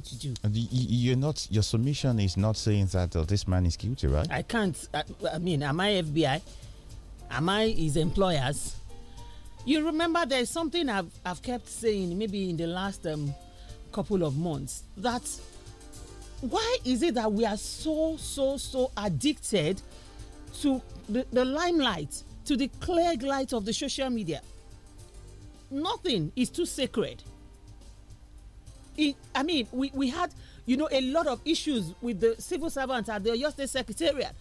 to do. You're not. Your submission is not saying that uh, this man is guilty, right? I can't. I, I, mean, am I FBI? Am I his employers? You remember there's something I've I've kept saying maybe in the last um, couple of months that why is it that we are so so so addicted to the, the limelight to the clear light of the social media? Nothing is too sacred it, I mean, we, we had, you know, a lot of issues with the civil servants at the justice Secretariat.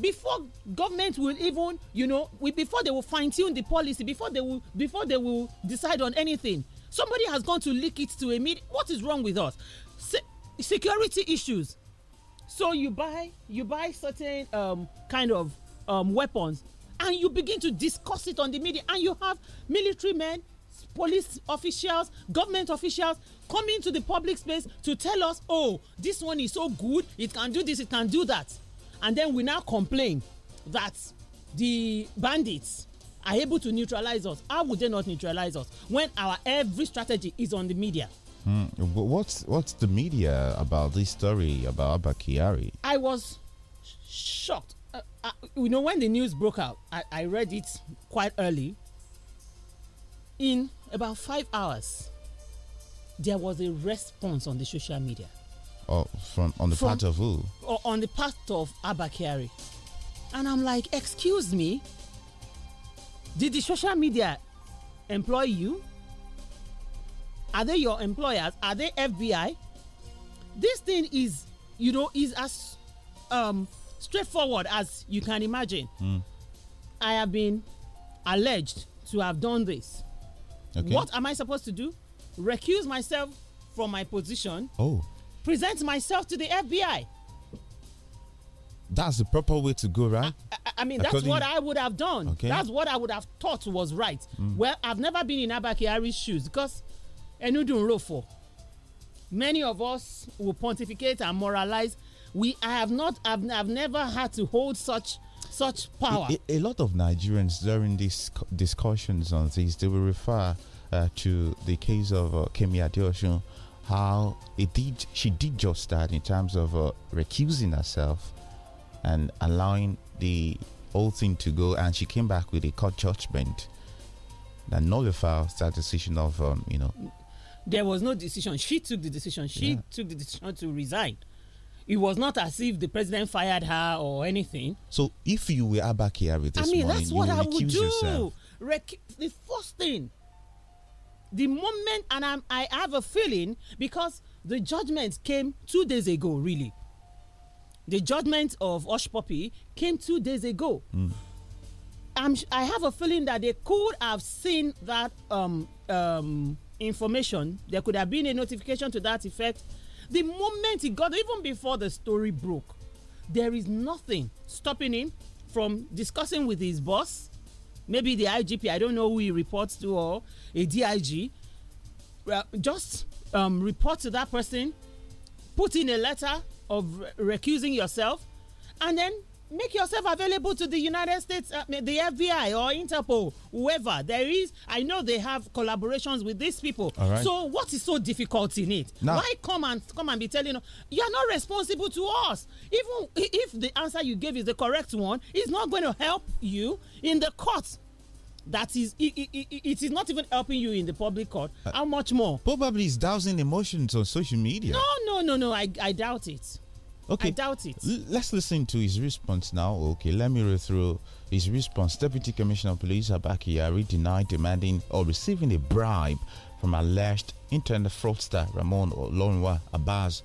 Before government will even, you know, we, before they will fine tune the policy, before they will, before they will decide on anything, somebody has gone to leak it to a media. What is wrong with us? Se security issues. So you buy, you buy certain um, kind of um, weapons, and you begin to discuss it on the media, and you have military men police officials, government officials coming to the public space to tell us, oh, this one is so good, it can do this, it can do that. And then we now complain that the bandits are able to neutralize us. How would they not neutralize us when our every strategy is on the media? Mm, what's what's the media about this story about Abba Kiari? I was shocked. Uh, uh, you know, when the news broke out, I, I read it quite early. In about five hours, there was a response on the social media. Oh, from on the from, part of who? Or on the part of Abakari. And I'm like, excuse me, did the social media employ you? Are they your employers? Are they FBI? This thing is, you know, is as um, straightforward as you can imagine. Mm. I have been alleged to have done this. Okay. What am I supposed to do? Recuse myself from my position. Oh. Present myself to the FBI. That's the proper way to go, right? I, I mean, According... that's what I would have done. Okay. That's what I would have thought was right. Mm. Well, I've never been in Abakiari's shoes because Enudun Rofo. Many of us will pontificate and moralize. We, I have not, I've, I've never had to hold such such power. A, a, lot of Nigerians during these discussions on this, they will refer uh, to the case of uh, Kemi Adeosun, how it did she did just that in terms of uh, recusing herself and allowing the whole thing to go, and she came back with a court judgment that nullifies that decision of um, you know. There was no decision. She took the decision. She yeah. took the decision to resign it was not as if the president fired her or anything. So if you were back here with this I mean, morning, that's what I would do. the first thing the moment, and I'm, I have a feeling because the judgment came two days ago, really. The judgment of Osh Poppy came two days ago. Mm. I'm, I have a feeling that they could have seen that um, um, information. There could have been a notification to that effect. The moment he got, even before the story broke, there is nothing stopping him from discussing with his boss maybe the IGP, I don't know who he reports to or a DIG, just um, report to that person, put in a letter of recusing yourself, and then make yourself available to the United States, uh, the FBI or Interpol, whoever there is. I know they have collaborations with these people. So what is so difficult in it? Now, Why come and come and be telling you are not responsible to us? Even if the answer you gave is the correct one, it's not going to help you in the court. that is it, it, it is not even helping you in the public court uh, how much more probably is dousing emotions on social media no no no no i, I doubt it Okay. I doubt it. L let's listen to his response now. Okay, let me read through his response. Deputy Commissioner of Police Abaki Yari denied demanding or receiving a bribe from alleged internet fraudster Ramon Olonwa Abaz,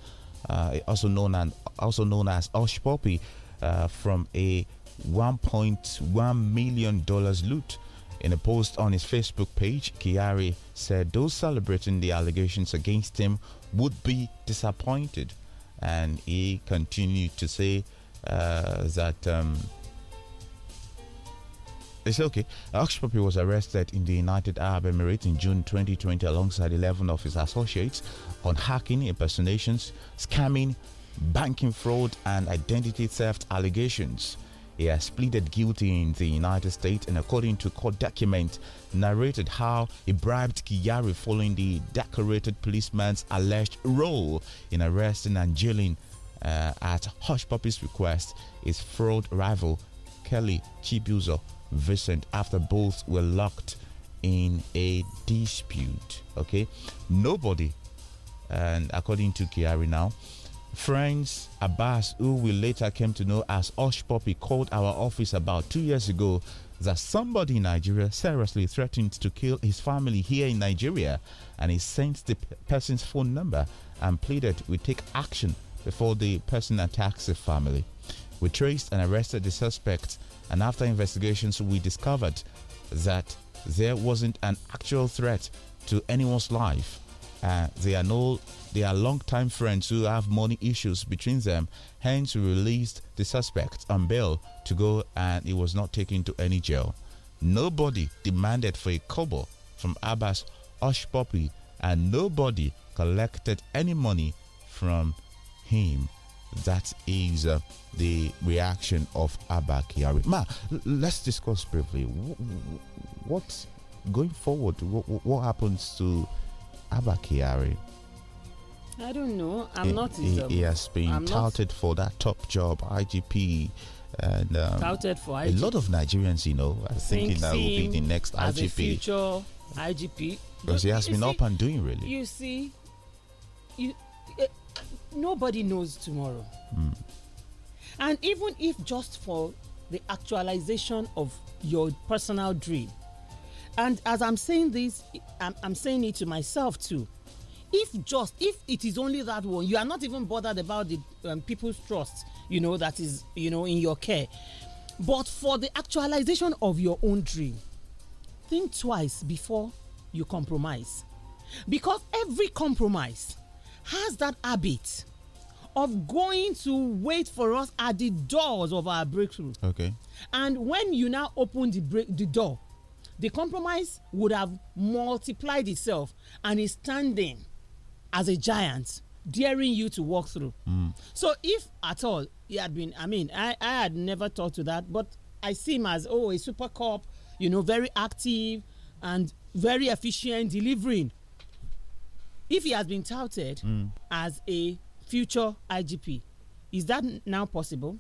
uh, also known as also known as Osh Poppy, uh, from a 1.1 million dollars loot. In a post on his Facebook page, Kiari said those celebrating the allegations against him would be disappointed and he continued to say uh, that. Um, it's okay. Oxpopi was arrested in the United Arab Emirates in June 2020 alongside 11 of his associates on hacking, impersonations, scamming, banking fraud, and identity theft allegations. He has pleaded guilty in the United States and according to court documents narrated how he bribed Kiyari following the decorated policeman's alleged role in arresting and jailing uh, at Hush Puppy's request his fraud rival Kelly Chibuzo Vincent after both were locked in a dispute. Okay, nobody, and according to Kiari now, Friends Abbas, who we later came to know as Osh Poppy, called our office about two years ago that somebody in Nigeria seriously threatened to kill his family here in Nigeria and he sent the person's phone number and pleaded we take action before the person attacks the family. We traced and arrested the suspect and after investigations we discovered that there wasn't an actual threat to anyone's life uh, they are no they are long-time friends who have money issues between them. Hence, released the suspect on bail to go, and he was not taken to any jail. Nobody demanded for a kobo from Abbas Osh and nobody collected any money from him. That is uh, the reaction of Abba kiari Ma, let's discuss briefly what going forward. What, what happens to Abba I don't know. I'm he, not. He, he, um, has been I'm touted for that top job, IGP, and um, touted for IGP. a lot of Nigerians. You know, are thinking that will be the next as IGP. A future IGP because he has been see, up and doing really. You see, you uh, nobody knows tomorrow, mm. and even if just for the actualization of your personal dream, and as I'm saying this, I'm, I'm saying it to myself too if just if it is only that one you are not even bothered about the um, people's trust you know that is you know in your care but for the actualization of your own dream think twice before you compromise because every compromise has that habit of going to wait for us at the doors of our breakthrough okay and when you now open the break the door the compromise would have multiplied itself and is standing as a giant daring you to walk through. Mm. So if at all he had been, I mean, I, I had never thought to that, but I see him as oh a super cop, you know, very active and very efficient delivering. If he has been touted mm. as a future IGP, is that now possible?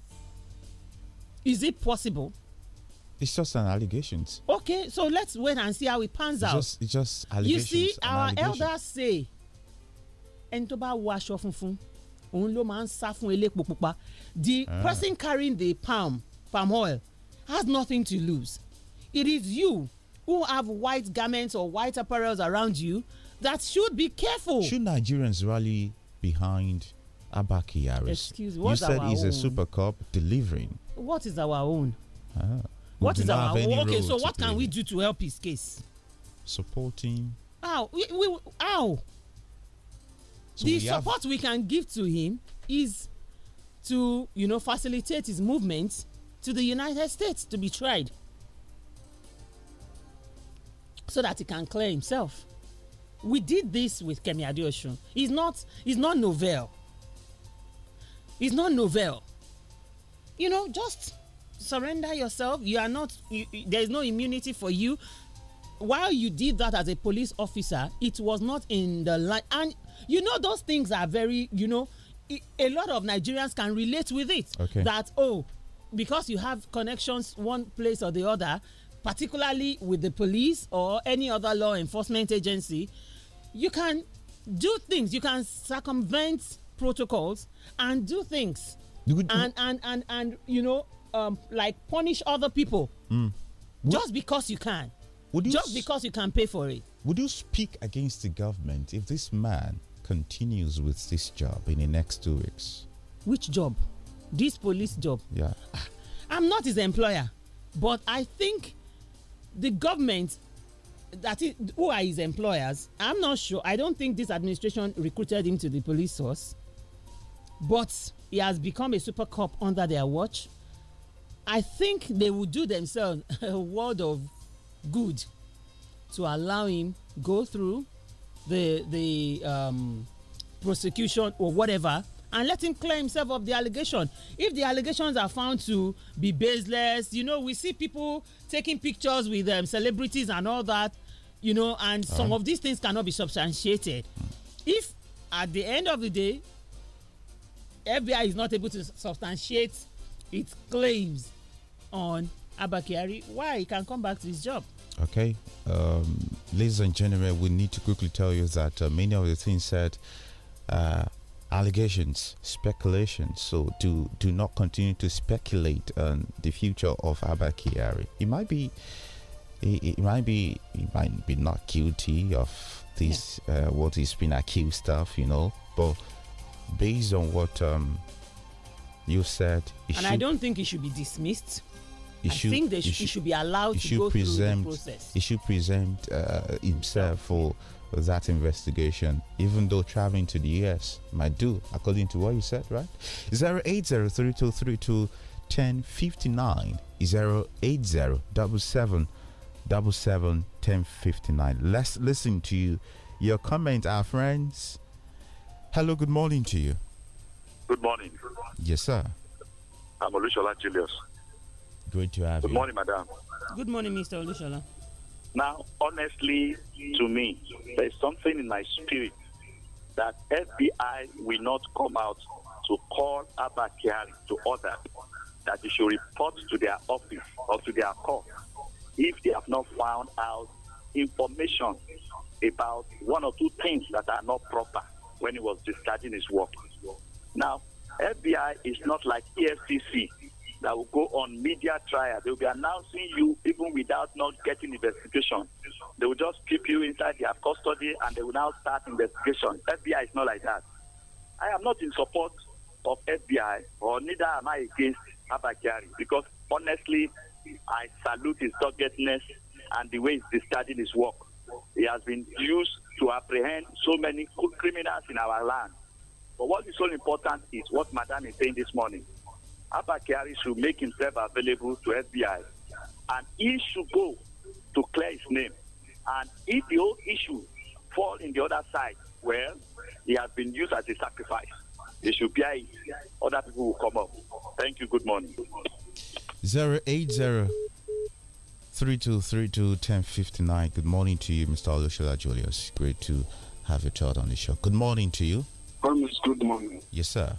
Is it possible? It's just an allegations. Okay, so let's wait and see how it pans it's out. Just, it's just allegations. You see, our elders say, ẹni tó funfun, òun ló máa pupa. The ah. person carrying the palm palm oil has nothing to lose. It is you who have white garments or white apparels around you that should be careful. Should Nigerians rally behind Abba Excuse me, you said he's own? a super cop delivering. What is our own? Ah what is our okay? So what can we do to help his case? Support him. How we, we how? So the we support we can give to him is to you know facilitate his movement to the United States to be tried, so that he can clear himself. We did this with Kemi Adeosun. He's not He's not novel. He's not novel. You know, just surrender yourself. You are not, you, there is no immunity for you. While you did that as a police officer, it was not in the line. And you know, those things are very, you know, a lot of Nigerians can relate with it. Okay. That, oh, because you have connections one place or the other, particularly with the police or any other law enforcement agency, you can do things. You can circumvent protocols and do things. and, and, and, and, you know, um, like punish other people mm. just because you can. Would you just because you can pay for it. Would you speak against the government if this man continues with this job in the next two weeks? Which job? This police job. Yeah. Ah, I'm not his employer, but I think the government that is, who are his employers, I'm not sure. I don't think this administration recruited him to the police force, but he has become a super cop under their watch. I think they would do themselves a world of good to allow him go through the the um, prosecution or whatever and let him clear himself of the allegation. If the allegations are found to be baseless, you know, we see people taking pictures with um, celebrities and all that, you know, and uh-huh. some of these things cannot be substantiated. If at the end of the day, FBI is not able to substantiate its claims on Abakari, why he can come back to his job. Okay, um, ladies and gentlemen, we need to quickly tell you that uh, many of the things said. Uh, allegations, speculations. So do do not continue to speculate on the future of Abba It He might be, he, he, might be, he might be not guilty of this yeah. uh, what he's been accused of, you know. But based on what um, you said, and should, I don't think it should be dismissed. he I think they should, should, should be allowed to go present, through the process. He should present uh, himself for that investigation, even though traveling to the US might do, according to what you said, right? 0803232 Let's listen to you. Your comment, our friends. Hello, good morning to you. Good morning. Yes, sir. I'm Olushola Julius. Good to have Good you. Good morning, madam. Good morning, Mr. Olushola. Now, honestly, to me, there's something in my spirit that FBI will not come out to call Abakari to order that they should report to their office or to their court if they have not found out information about one or two things that are not proper when he was discharging his work. Now, FBI is not like EFCC that will go on media trial. They will be announcing you even without not getting investigation. They will just keep you inside their custody and they will now start investigation. FBI is not like that. I am not in support of FBI or neither am I against Abakari because honestly, I salute his doggedness and the way he's discarding his work. He has been used to apprehend so many criminals in our land. But what is so important is what Madam is saying this morning. Abba Kyari should make himself available to FBI and he should go to clear his name. And if the whole issue fall in the other side, well, he has been used as a sacrifice. He should be Other people will come up. Thank you. Good morning. 080 3232 1059. Good morning to you, Mr. Olushola Julius. Great to have you child on the show. Good morning to you. Promise, good morning. Yes, sir.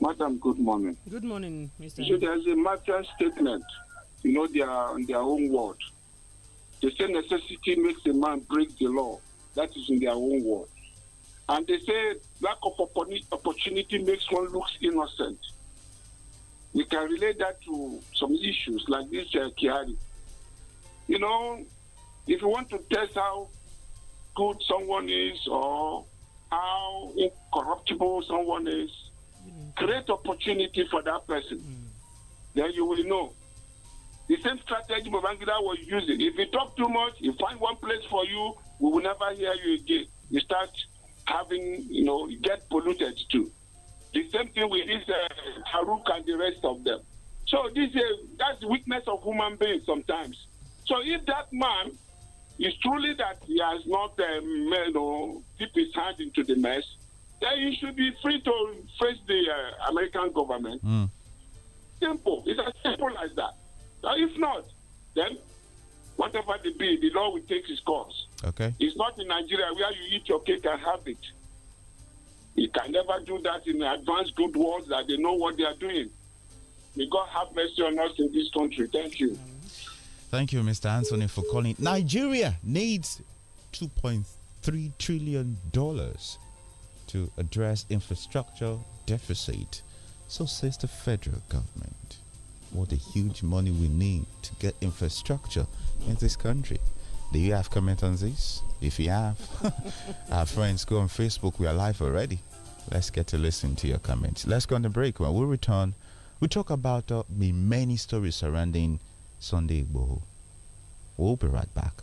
Madam, good morning. Good morning, Mr. So there's a matter statement, you know, they are in their own word. They say necessity makes a man break the law. That is in their own word. And they say lack of opportunity makes one look innocent. We can relate that to some issues like this uh, You know, if you want to test how good someone is or how incorruptible someone is, great opportunity for that person. Mm. Then you will know. The same strategy Babangida was using. If you talk too much, you find one place for you, we will never hear you again. You start having, you know, get polluted too. The same thing with this uh, Haruk and the rest of them. So this is uh, that's the weakness of human beings sometimes. So if that man it's truly that he has not, um, you know, dipped his hand into the mess. Then he should be free to face the uh, American government. Mm. Simple. It's as simple as that. Now, if not, then whatever the be, the law will take its course. Okay. It's not in Nigeria where you eat your cake and have it. You can never do that in advanced good world that they know what they are doing. May God have mercy on us in this country. Thank you. Thank you, Mr. Anthony, for calling. Nigeria needs $2.3 trillion to address infrastructure deficit. So says the federal government. What a huge money we need to get infrastructure in this country. Do you have comment on this? If you have, our friends, go on Facebook. We are live already. Let's get to listen to your comments. Let's go on the break. When we return, we talk about uh, the many stories surrounding Sunday Igboho. We'll be right back.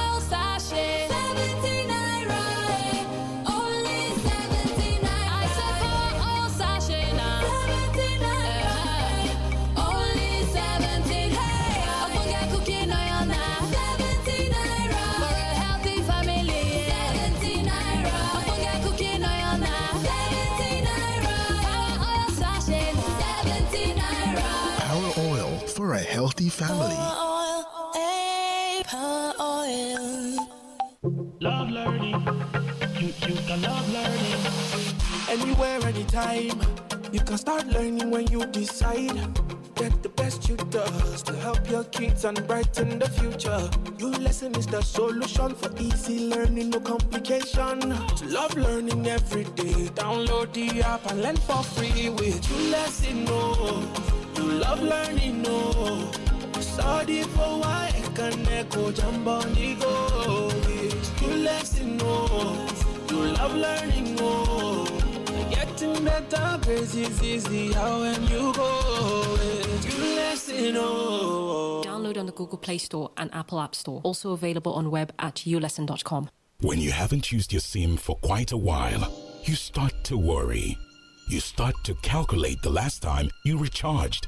family. Oil, oil, love learning. You, you can love learning. Anywhere, anytime. You can start learning when you decide. Get the best you does to help your kids and brighten the future. Your lesson is the solution for easy learning, no complication. To love learning every day. Download the app and learn for free with your lesson. No, oh. you love learning. No. Oh. Sorry for why I can echo jumbo no, love learning Getting better, grace is easy. How and you go? no. Download on the Google Play Store and Apple App Store. Also available on web at ulesson.com. When you haven't used your SIM for quite a while, you start to worry. You start to calculate the last time you recharged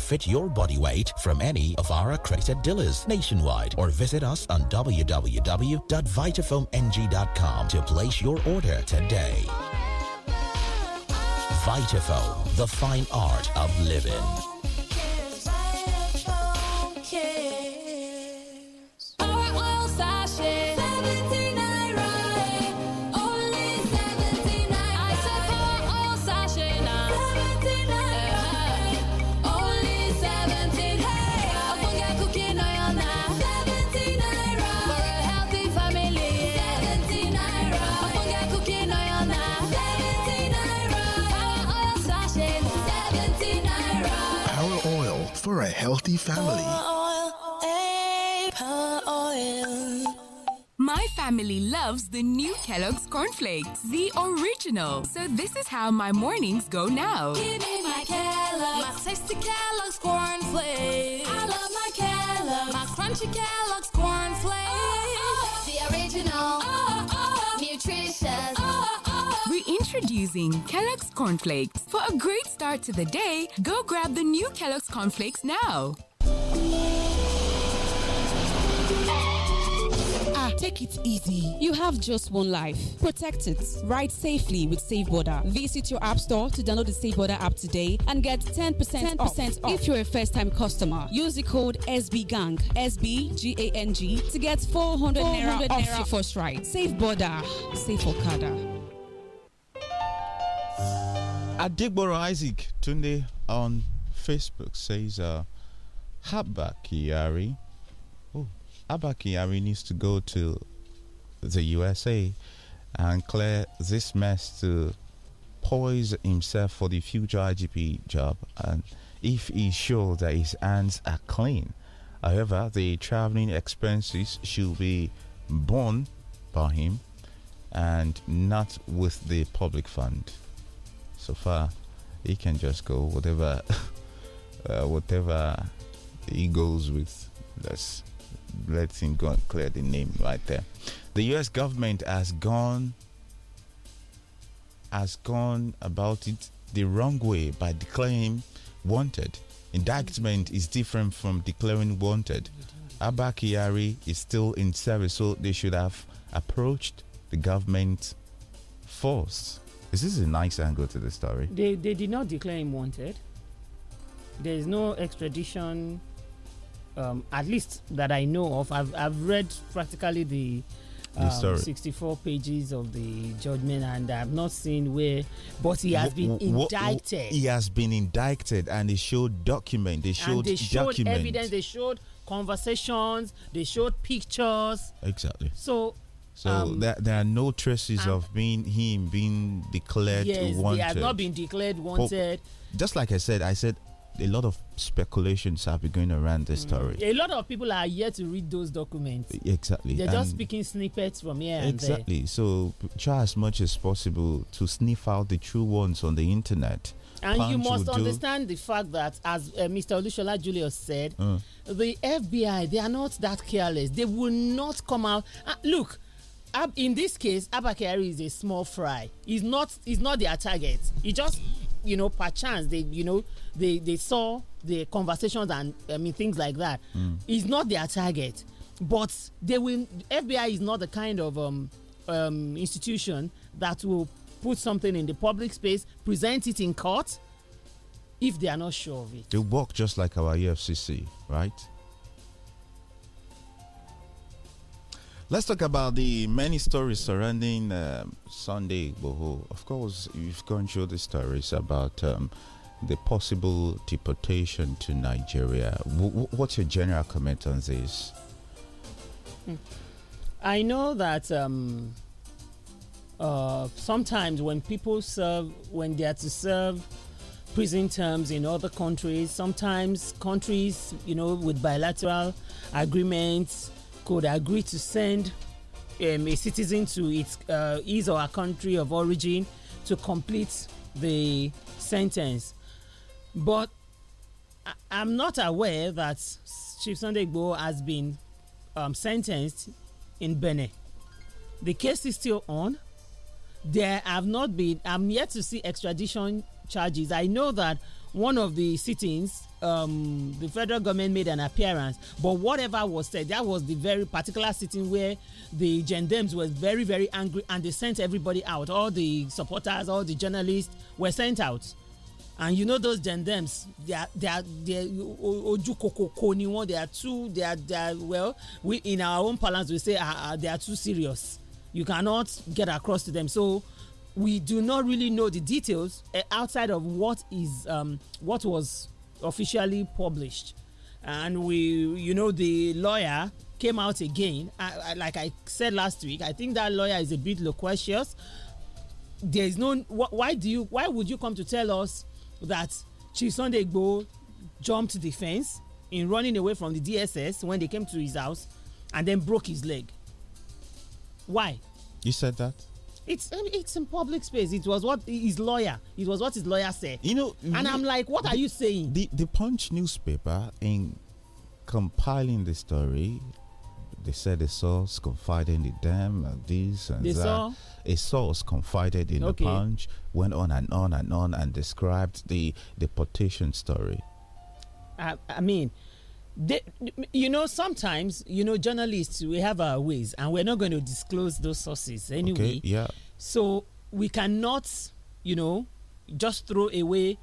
fit your body weight from any of our accredited dealers nationwide or visit us on www.vitafoamng.com to place your order today. Vitafoam, the fine art of living. healthy family. My family loves the new Kellogg's cornflakes, the original. So this is how my mornings go now. Give me my Kellogg's, my tasty Kellogg's cornflakes. I love my Kellogg's, my crunchy Kellogg's cornflakes, oh, oh, oh. the original. Oh. Introducing Kellogg's Cornflakes. For a great start to the day, go grab the new Kellogg's Cornflakes now. Ah, take it easy. You have just one life. Protect it. Ride safely with Safe Border. Visit your app store to download the Safe Border app today and get 10%, 10% off. off. if you're a first time customer. Use the code SBGANG, SBGANG, to get 400, 400 naira, off your first ride. Safe Border. Safe Okada. Adigboro Isaac Tunde on Facebook says, uh, Abba Oh, Abba needs to go to the USA and clear this mess to poise himself for the future IGP job and if he's sure that his hands are clean. However, the traveling expenses should be borne by him and not with the public fund so far he can just go whatever uh, whatever he goes with let's let him go and clear the name right there the us government has gone has gone about it the wrong way by declaring wanted indictment is different from declaring wanted abba is still in service so they should have approached the government first this is a nice angle to the story. They they did not declare him wanted. There is no extradition, um, at least that I know of. I've I've read practically the. Um, 64 pages of the judgment, and I've not seen where, but he has been indicted. He has been indicted, and they showed document. They showed, and they showed document. evidence. They showed conversations. They showed pictures. Exactly. So so um, there, there are no traces um, of being him being declared yes, wanted. They have not been declared wanted. But just like I said, I said a lot of speculations have been going around this mm. story. A lot of people are yet to read those documents. Exactly. They're and just picking snippets from here Exactly. So try as much as possible to sniff out the true ones on the internet. And Punch you must understand the fact that, as uh, Mr. Olushola Julius said, mm. the FBI, they are not that careless. They will not come out. Uh, look, in this case abakari is a small fry he's not he's not their target he just you know perchance they you know they they saw the conversations and i mean things like that mm. he's not their target but they will fbi is not the kind of um, um, institution that will put something in the public space present it in court if they are not sure of it they work just like our efcc right Let's talk about the many stories surrounding um, Sunday Igboho. Of course, you've gone through the stories about um, the possible deportation to Nigeria. W what's your general comment on this? Hmm. I know that um, uh, sometimes when people serve, when they are to serve prison terms in other countries, sometimes countries, you know, with bilateral agreements could agree to send um, a citizen to its, uh, his or her country of origin to complete the sentence. But I, am not aware that Chief Sunday has been um, sentenced in Benin. The case is still on. There have not been, I'm yet to see extradition charges. I know that one of the sittings, um, the federal government made an appearance. But whatever was said, that was the very particular sitting where the gendarmes were very, very angry and they sent everybody out. All the supporters, all the journalists were sent out. And you know those gendarmes, they are they are they oju kokoko ni one. They are too they are they are well. We in our own parlance we say uh, uh, they are too serious. You cannot get across to them. So we do not really know the details eh, outside of what is um, what was officially published and we you know the lawyer came out again I, I, like i said last week i think that lawyer is a bit loquacious there is no wh why do you why would you come to tell us that chisunde jumped the fence in running away from the dss when they came to his house and then broke his leg why you said that it's it's in public space. It was what his lawyer. It was what his lawyer said. You know, and I'm like, what the, are you saying? The the Punch newspaper in compiling the story, they said the source confided in them and this and they that. Saw? A source confided in okay. the Punch went on and on and on and described the deportation story. I, I mean, they, you know, sometimes you know, journalists we have our ways, and we're not going to disclose those sources anyway. Okay, yeah. So we cannot, you know, just throw away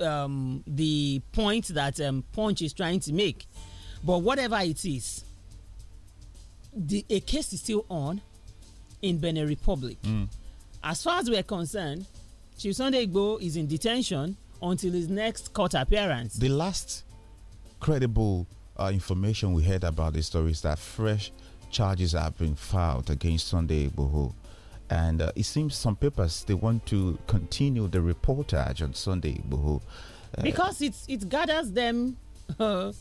um, the point that um, Punch is trying to make. But whatever it is, the a case is still on in Benin Republic. Mm. As far as we're concerned, Chief Sunday is in detention until his next court appearance. The last credible uh, information we heard about the story is that fresh charges have been filed against Sunday Igboho. And uh, it seems some papers they want to continue the reportage on Sunday Igboho. Uh, because it, it gathers them uh,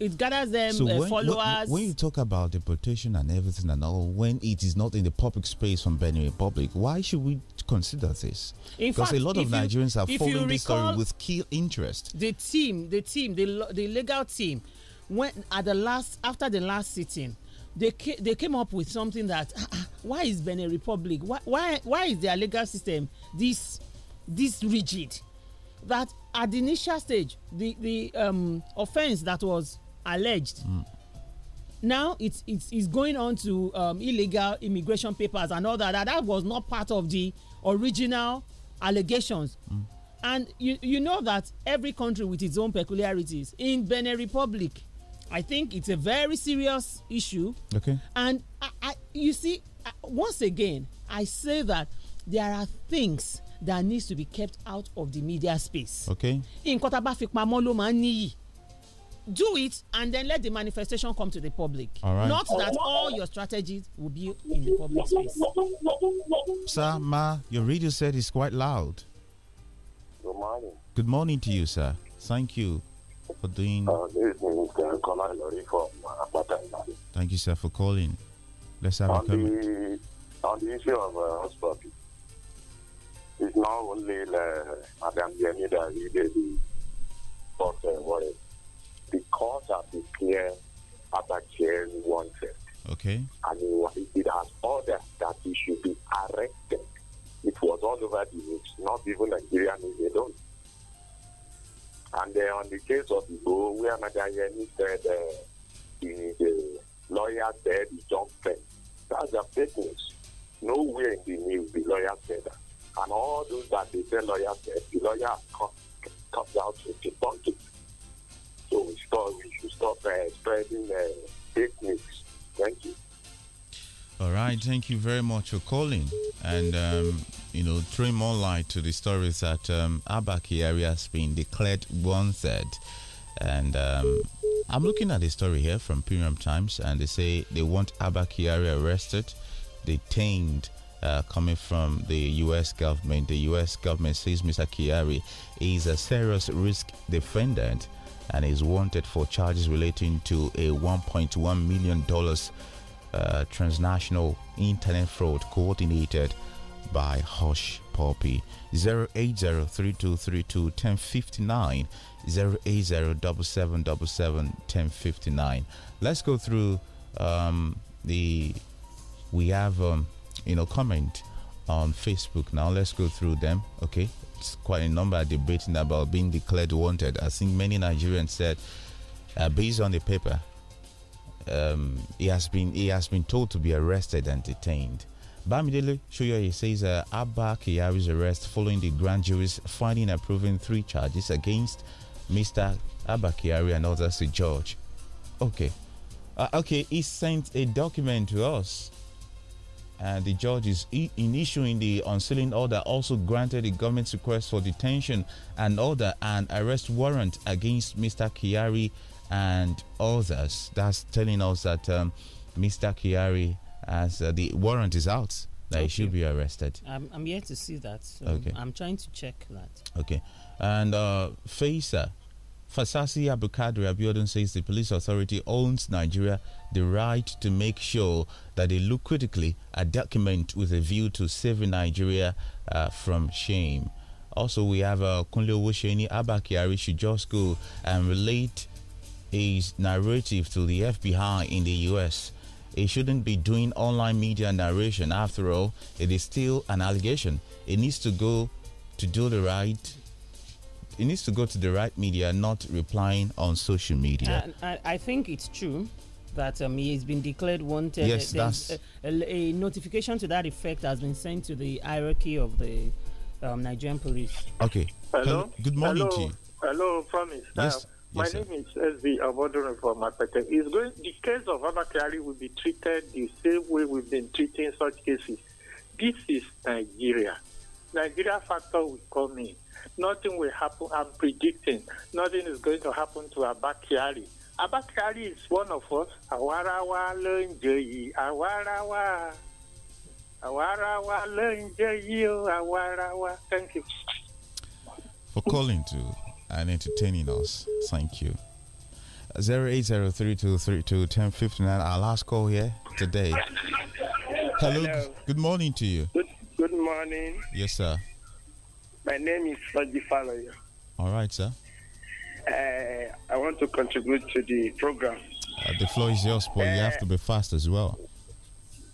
it gathers them so uh, when, followers. When, you talk about deportation and everything and all, when it is not in the public space from Benin Republic, why should we consider this? In because fact, a lot of Nigerians you, are following this story with keen interest. The team, the team, the the legal team, when at the last after the last sitting, they ca they came up with something that ah, ah, why is Benin Republic? Why why why is their legal system this this rigid? That at the initial stage, the the um, offense that was alleged. Mm. Now it's, it's it's going on to um, illegal immigration papers and all that. That, that was not part of the original allegations. Mm. And you you know that every country with its own peculiarities. In Benin Republic, I think it's a very serious issue. Okay. And I, I, you see, once again, I say that there are things that needs to be kept out of the media space. Okay. In Kotaba Fikmamolo Maniyi do it and then let the manifestation come to the public. Right. Not that all your strategies will be in the public space. Sir, Ma, your radio set is quite loud. Good morning. Good morning to you, sir. Thank you for doing. Uh, uh Thank you, sir, for calling. Let's have on a comment. The, on the issue of uh, hospital, it's not only uh, Adam Yemi that he did, but uh, what is because of the been clear about wanted. Okay. And it, it has ordered that he should be arrested. It was all over the news, not even Nigerian news alone. And uh, on the case of Igbo, where Madayani said uh, the, the, lawyer said he jumped That's a fake news. Nowhere in the news the lawyer said that. And all those that they say lawyer said, the lawyer comes out with the bunches. So we stop. We should stop uh, spreading uh, fake news. Thank you. All right, thank you very much for calling and, um, you know, throwing more light to the stories that um, Abaki area has been declared wanted. And um, I'm looking at the story here from Premium Times and they say they want Abaki area arrested, detained, uh, coming from the U.S. government. The U.S. government says Mr. Kiari is a serious risk defendant and is wanted for charges relating to a $1.1 million uh, transnational internet fraud coordinated by Hush Poppy. 08032321059 08077771059. Let's go through um, the we have um, you know comment on Facebook now. Let's go through them. Okay, quite a number are debating about being declared wanted. I think many Nigerians said, uh, based on the paper, um, he has been he has been told to be arrested and detained. Bamidele Shoyoye says uh, Abba Kiyari's arrest following the grand jury's finding approving three charges against Mr. Abba Kiyari and others to George. Okay, uh, okay, he sent a document to us and the judge is in issuing the unsealing order also granted the government's request for detention and order and arrest warrant against Mr. Kiari and others. That's telling us that um, Mr. Kiari as uh, the warrant is out that okay. he should be arrested. I'm, I'm yet to see that. So okay. I'm trying to check that. Okay. And uh, Fasasi Abukadri Abiodun says the police authority owns Nigeria the right to make sure that they look critically at documents with a view to saving Nigeria uh, from shame. Also, we have uh, Kunle Owosheni Abakiari should just go and um, relate his narrative to the FBI in the US. It shouldn't be doing online media narration. After all, it is still an allegation. It needs to go to do the right it needs to go to the right media, not replying on social media. Uh, I, think it's true that um, he has been declared wanted. Yes, that's... A, a, notification to that effect has been sent to the hierarchy of the um, Nigerian police. Okay. Hello. Good morning Hello. to you. Hello, promise. Yes. Uh, my yes, name is SB Abodun from Apete. Is going the case of Abakari will be treated the same way we've been treating such cases. This is Nigeria. Nigeria factor will come in nothing will happen. I'm predicting nothing is going to happen to Abakiari. Abakiari is one of us. Awarawa Lunjeyi, Awarawa. Awarawa Lunjeyi, Awarawa. Thank you. For calling to and entertaining us. Thank you. 08032321059. Our last call here today. Hello. Hello. Good morning to you. Good, good morning. Yes, sir. My name is Faji Faloyo. All right, sir. Uh, I want to contribute to the program. Uh, the floor is yours, but uh, you have to be uh, fast as well.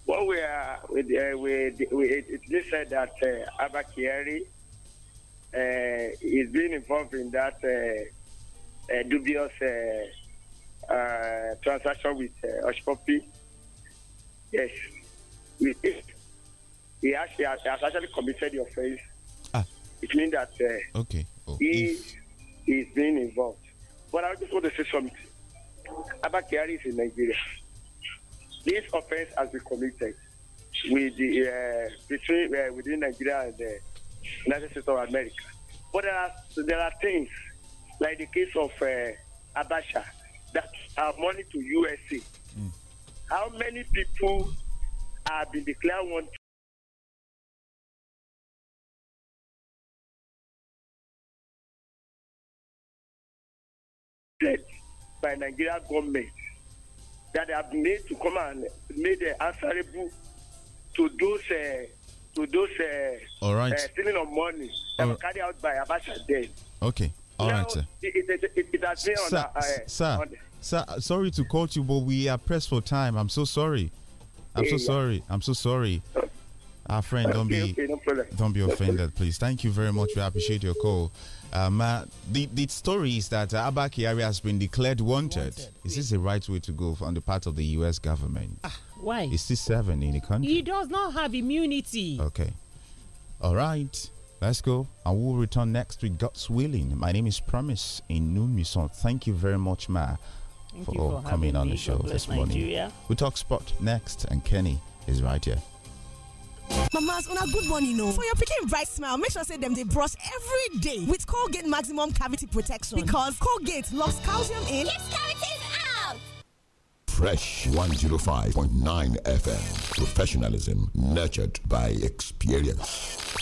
Well, we are, we, uh, we, we, it, it said that uh, Abakieri uh, is being involved in that uh, dubious transaction with uh, Oshpopi. Yes. He, he actually has, has actually committed the offense it means that uh, okay. Oh, he is being involved. But I just want to say something. Abba Kyari is in Nigeria. This offense has been committed with the, uh, between, uh, within Nigeria and the United States of America. But there are, there are things, like the case of uh, Abacha, that are money to USA. Mm. How many people have been declared wanted threat by Nigeria government that have made to come and made the answerable to those uh, to those uh, all right uh, stealing of money that were carried out by Abacha then. Okay. all now, right, sir. It, it, it, it has been sir, on, uh, sir, on sir, sorry to call you, but we are pressed for time. I'm so sorry. I'm yeah, so sorry. I'm so sorry. Uh, our friend, don't okay, be okay, no don't be offended, please. Thank you very much. We appreciate your call. Um, uh, the, the story is that uh, Abba has been declared wanted. wanted. Is this the right way to go on the part of the U.S. government? Ah, why? Is this seven in the country? He does not have immunity. Okay. All right. Let's go. I will return next week, God's willing. My name is Promise Inumison. Thank you very much, Ma, Thank for, for coming on the show this morning. Nigeria. We talk sport next, and Kenny is right here. Mamas, on a good one, you know. For your picking bright smile, make sure say them they brush every day with Colgate Maximum Cavity Protection because Colgate locks calcium in. Keeps cavities out. Fresh 105.9 FM. Professionalism nurtured by experience.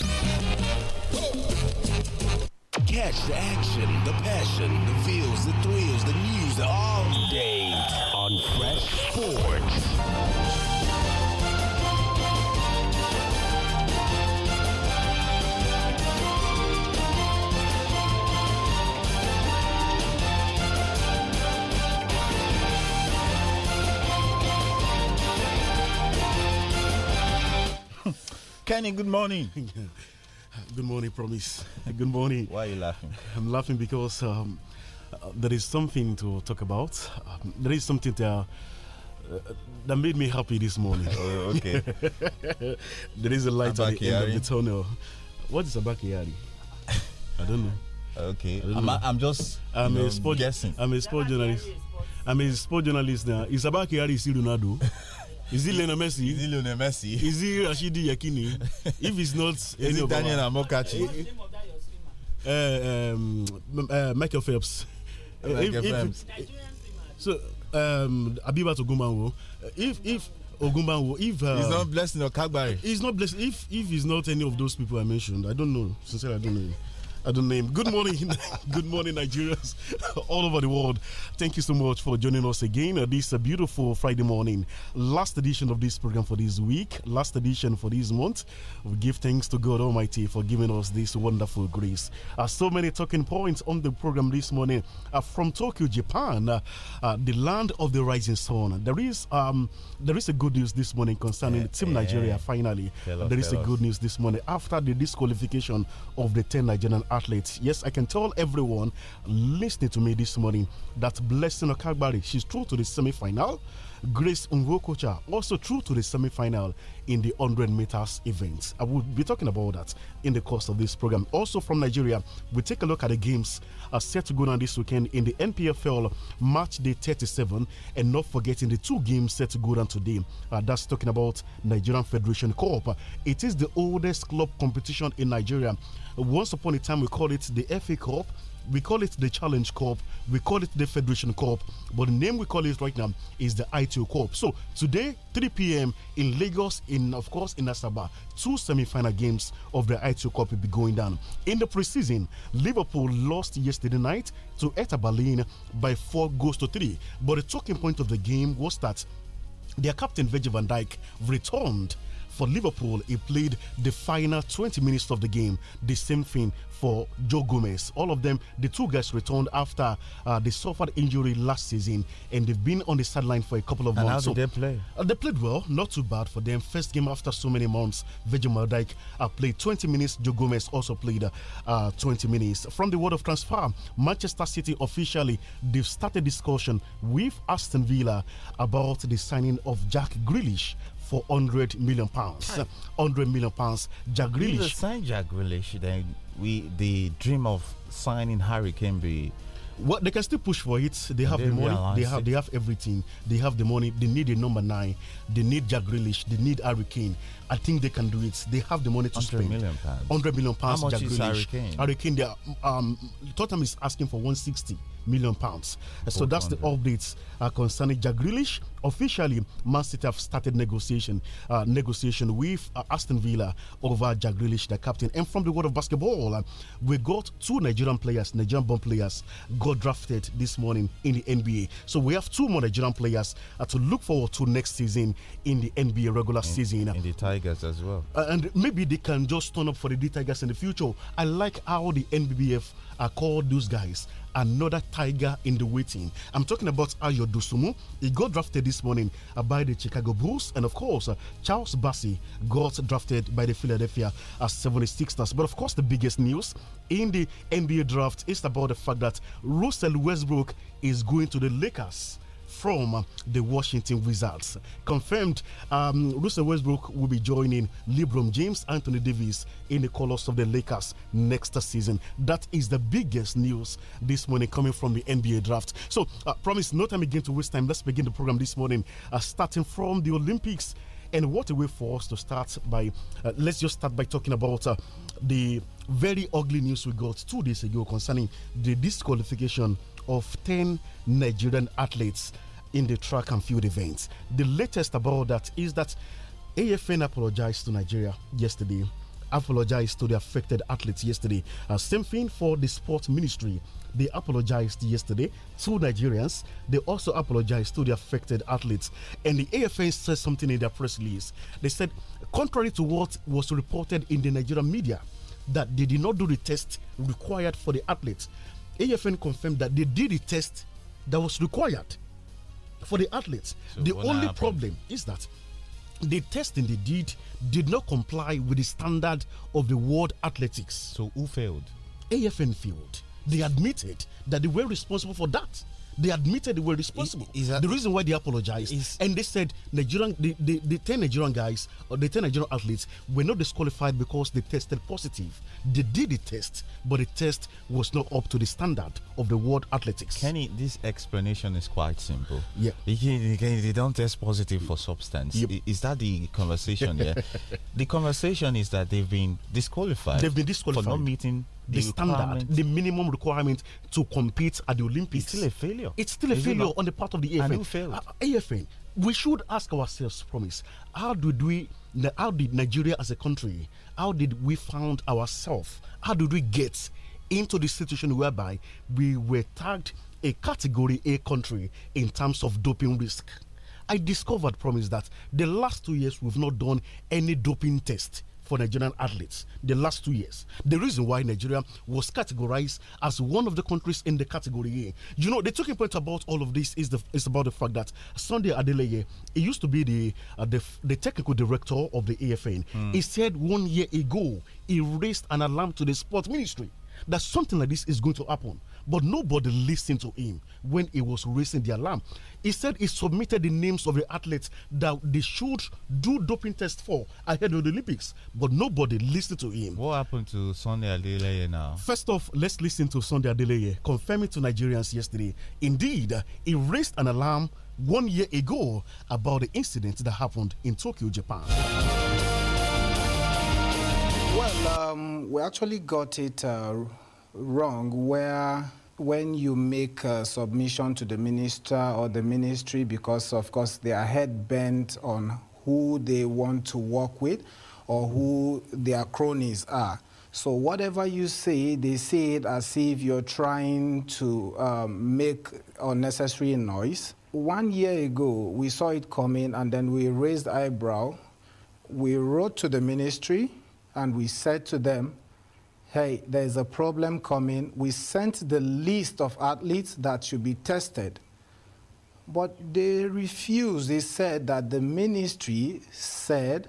Catch the action, the passion, the feels, the thrills, the news all day on Fresh Sports. Kenny, good morning. good morning, Promise. Good morning. Why are you laughing? I'm laughing because um, uh, there is something to talk about. Um, there is something that, uh, that made me happy this morning. Oh, okay. there is a light at the end of the tunnel. What is Abakiyari? I don't know. Okay. I'm, know. am just I'm know, a sport, guessing. I'm a sport journalist. I'm a sport journalist now. Is Abakiyari still Ronaldo? Is it Lionel Messi? Is it Lionel Messi? Is it Rashidi Yakini? if it's not is any it of Daniel Amokachi? Uh, um, uh, Michael Phelps. Michael Phelps. so um, Abiba to Gumanwo. If if Ogunbanwo if uh, he's not blessing or Kagbari. He's not blessed. if if he's not any of those people I mentioned. I don't know. Sincerely, I don't know. the name. Good morning, good morning, Nigerians all over the world. Thank you so much for joining us again uh, this beautiful Friday morning. Last edition of this program for this week, last edition for this month. We give thanks to God Almighty for giving us this wonderful grace. Uh, so many talking points on the program this morning uh, from Tokyo, Japan, uh, uh, the land of the rising sun. There is um, there is a good news this morning concerning yeah, Team yeah, Nigeria. Eh. Finally, there is a good news this morning after the disqualification of the ten Nigerian Yes, I can tell everyone listening to me this morning that Blessing Okagbari, she's true to the semi final. Grace Unwokocha also true to the semi final in the 100 meters event. I will be talking about that in the course of this program. Also from Nigeria, we take a look at the games are set to go down this weekend in the NPFL match day 37, and not forgetting the two games set to go down today. Uh, that's talking about Nigerian Federation Cup. It is the oldest club competition in Nigeria once upon a time, we call it the FA Cup. We call it the Challenge Cup. We call it the Federation Cup. But the name we call it right now is the ITO Cup. So today, 3 p.m. in Lagos, in of course in Asaba, two semi-final games of the ITO Cup will be going down. In the preseason, Liverpool lost yesterday night to Eta Berlin by four goals to three. But the talking point of the game was that their captain Virgil van Dijk returned for Liverpool, he played the final 20 minutes of the game. The same thing for Joe Gomez. All of them, the two guys returned after uh, they suffered injury last season and they've been on the sideline for a couple of and months. How did so, they play? Uh, they played well, not too bad for them. First game after so many months, Virgil Dyke uh, played 20 minutes. Joe Gomez also played uh, 20 minutes. From the world of transfer, Manchester City officially they've started discussion with Aston Villa about the signing of Jack Grealish for 100 million pounds. 100 million pounds. Jack Grealish. If sign Jack Grealish, then we the dream of signing Harry can be. Well, they can still push for it. They have they the money. They have it. they have everything. They have the money. They need a number nine. They need Jack Grealish. They need Harry Kane. I think they can do it. They have the money to 100 spend. Million pounds. Hundred million pounds. How much Jack is Grealish. Harry Kane? Harry Kane. They are, um, Tottenham is asking for one sixty million pounds. So that's the updates uh, concerning Jack Grealish. Officially, Man City have started negotiation uh, negotiation with uh, Aston Villa over Jack Grealish, the captain. And from the world of basketball, uh, we got two Nigerian players, Nigerian born players, got drafted this morning in the NBA. So we have two more Nigerian players uh, to look forward to next season in the NBA regular season. In the Tigers as well. Uh, and maybe they can just turn up for the D Tigers in the future. I like how the NBBF I call those guys another tiger in the waiting. I'm talking about Ayo Dosumu. He got drafted this morning uh, by the Chicago Bulls. And of course, uh, Charles Bassey got drafted by the Philadelphia uh, 76ers. But of course, the biggest news in the NBA draft is about the fact that Russell Westbrook is going to the Lakers from the Washington Wizards. Confirmed, um, Russell Westbrook will be joining LeBron James, Anthony Davis in the colors of the Lakers next season. That is the biggest news this morning coming from the NBA draft. So, uh, promise, no time again to waste time. Let's begin the program this morning, uh, starting from the Olympics. And what a way for us to start by, uh, let's just start by talking about uh, the very ugly news we got two days ago concerning the disqualification of 10 Nigerian athletes in the track and field events. The latest about that is that AFN apologized to Nigeria yesterday. Apologized to the affected athletes yesterday. Uh, same thing for the sports ministry. They apologized yesterday to Nigerians. They also apologized to the affected athletes. And the AFN said something in their press release. They said, contrary to what was reported in the Nigerian media, that they did not do the test required for the athletes. AFN confirmed that they did the test that was required for the athletes. So the only problem is that the testing they did did not comply with the standard of the world athletics. So who failed? AFN failed. They admitted that they were responsible for that. They admitted they were responsible. Is, is the reason why they apologized is, and they said Nigerian, the, the, the ten Nigerian guys or the ten Nigerian athletes were not disqualified because they tested positive. They did the test, but the test was not up to the standard of the world athletics. Kenny, this explanation is quite simple. Yeah, they don't test positive for substance. Yep. Is that the conversation? yeah, the conversation is that they've been disqualified. They've been disqualified for not meeting the, the standard, the minimum requirement to compete at the Olympics. It's still a failure. It's still a Is failure on the part of the AFN. And who failed? Uh, uh AFN. We should ask ourselves, promise, how did we, how did Nigeria as a country, how did we found ourselves? How did we get into the situation whereby we were tagged a category A country in terms of doping risk? I discovered, promise, that the last two years we've not done any doping test for Nigerian athletes the last two years. The reason why Nigeria was categorized as one of the countries in the category A. You know, the talking point about all of this is the is about the fact that Sunday Adeleye, he used to be the uh, the, the, technical director of the AFN. Mm. He said one year ago he raised an alarm to the sports ministry that something like this is going to happen. But nobody listened to him when he was raising the alarm. He said he submitted the names of the athletes that they should do doping tests for ahead of the Olympics, but nobody listened to him. What happened to Sunday Adeleye now? First off, let's listen to Sunday Adeleye confirming to Nigerians yesterday. Indeed, he raised an alarm one year ago about the incident that happened in Tokyo, Japan. Well, um, we actually got it. Uh wrong where when you make a submission to the minister or the ministry because of course they are head bent on who they want to work with or who their cronies are so whatever you say they see it as if you're trying to um, make unnecessary noise one year ago we saw it coming and then we raised eyebrow we wrote to the ministry and we said to them hey, there's a problem coming. We sent the list of athletes that should be tested. But they refused. They said that the ministry said,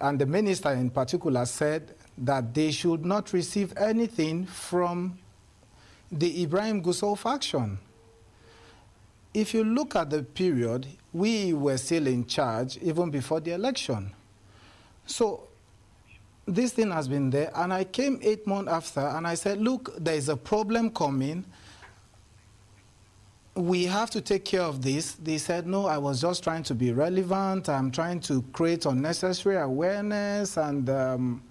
and the minister in particular said, that they should not receive anything from the Ibrahim Gusau faction. If you look at the period, we were still in charge even before the election. So this thing has been there. And I came eight months after and I said, look, there is a problem coming. We have to take care of this. They said, no, I was just trying to be relevant. I'm trying to create unnecessary awareness. And, um,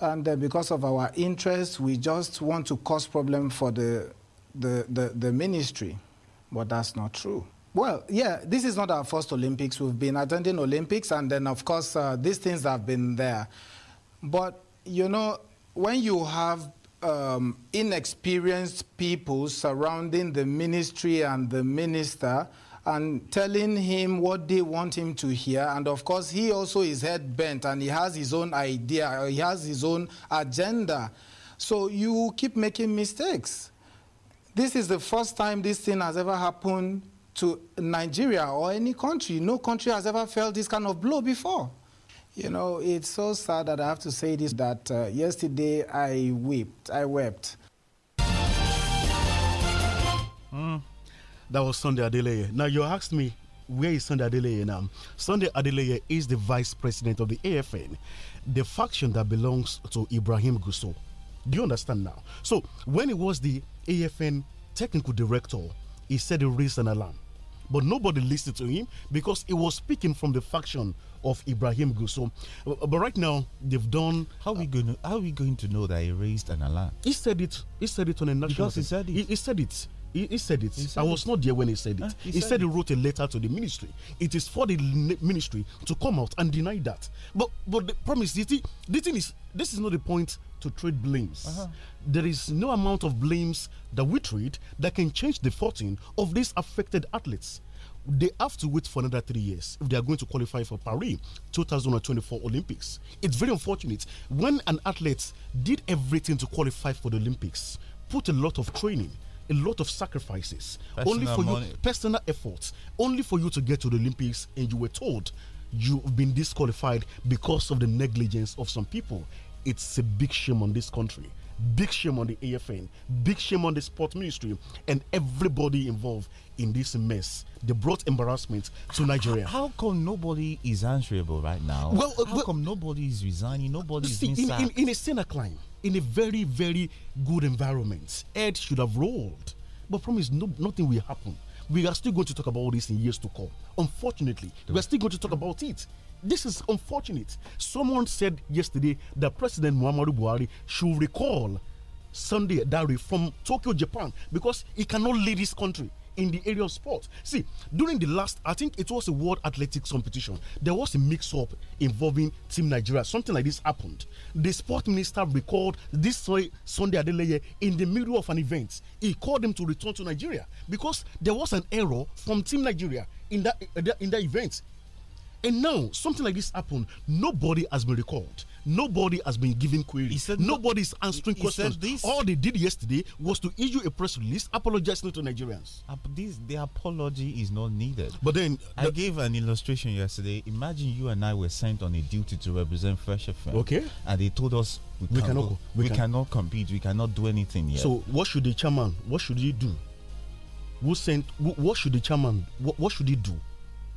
and uh, because of our interest, we just want to cause problem for the, the, the, the ministry. But that's not true. Well, yeah, this is not our first Olympics. We've been attending Olympics, and then, of course, uh, these things have been there. But, you know, when you have um, inexperienced people surrounding the ministry and the minister and telling him what they want him to hear, and of course, he also is head bent and he has his own idea, he has his own agenda. So you keep making mistakes. This is the first time this thing has ever happened to Nigeria or any country. No country has ever felt this kind of blow before. You know, it's so sad that I have to say this, that uh, yesterday I wept. I wept. Mm. That was Sunday Adeleye. Now, you asked me, where is Sunday Adeleye now? Sunday Adeleye is the vice president of the AFN, the faction that belongs to Ibrahim Gusso. Do you understand now? So, when he was the AFN technical director, he said he raised an alarm. But nobody listened to him because he was speaking from the faction of Ibrahim Gusso. Uh, but right now, they've done. How are we going? To, how are we going to know that he raised an alarm? He said it. He said it on a national. Because he said it. he, he said it. He, he, said it. He said I was it. not there when he said it. He, he, said, said he wrote a letter to the ministry. It is for the ministry to come out and deny that. But but the problem is, the, the thing is, this is not the point to trade blames. Uh -huh there is no amount of blames that we treat that can change the fortune of these affected athletes. They have to wait for another three years if they are going to qualify for Paris 2024 Olympics. It's very unfortunate when an athlete did everything to qualify for the Olympics, put a lot of training, a lot of sacrifices, personal only for you personal efforts, only for you to get to the Olympics, and you were told you've been disqualified because of the negligence of some people. It's a big shame on this country. Big shame on the AFN, big shame on the sport ministry, and everybody involved in this mess. They brought embarrassment to Nigeria. How, come nobody is answerable right now? Well, uh, how well, come nobody is resigning? Nobody is in, in, in a center climb, in a very, very good environment. Ed should have rolled, but promise no, nothing will happen we are still going to talk about this in years to come. Unfortunately, we are still going to talk about it this is unfortunate. Someone said yesterday that President Muhammadu Buhari should recall Sunday Dari from Tokyo, Japan, because he cannot lead his country in the area of sports. See, during the last, I think it was a World Athletics competition, there was a mix up involving Team Nigeria. Something like this happened. The sport minister recalled this Sunday Adeleye in the middle of an event. He called him to return to Nigeria because there was an error from Team Nigeria in that, in that event. And now something like this happened. Nobody has been recalled. Nobody has been given queries. Nobody is answering questions. All they did yesterday was to issue a press release apologizing to Nigerians. this, the apology is not needed. But then I the gave an illustration yesterday. Imagine you and I were sent on a duty to represent Fresh FM. Okay. And they told us we, we cannot, go, we, we can. cannot compete. We cannot do anything yet. So what should the chairman? What should he do? Who sent? What should the chairman? what should he do?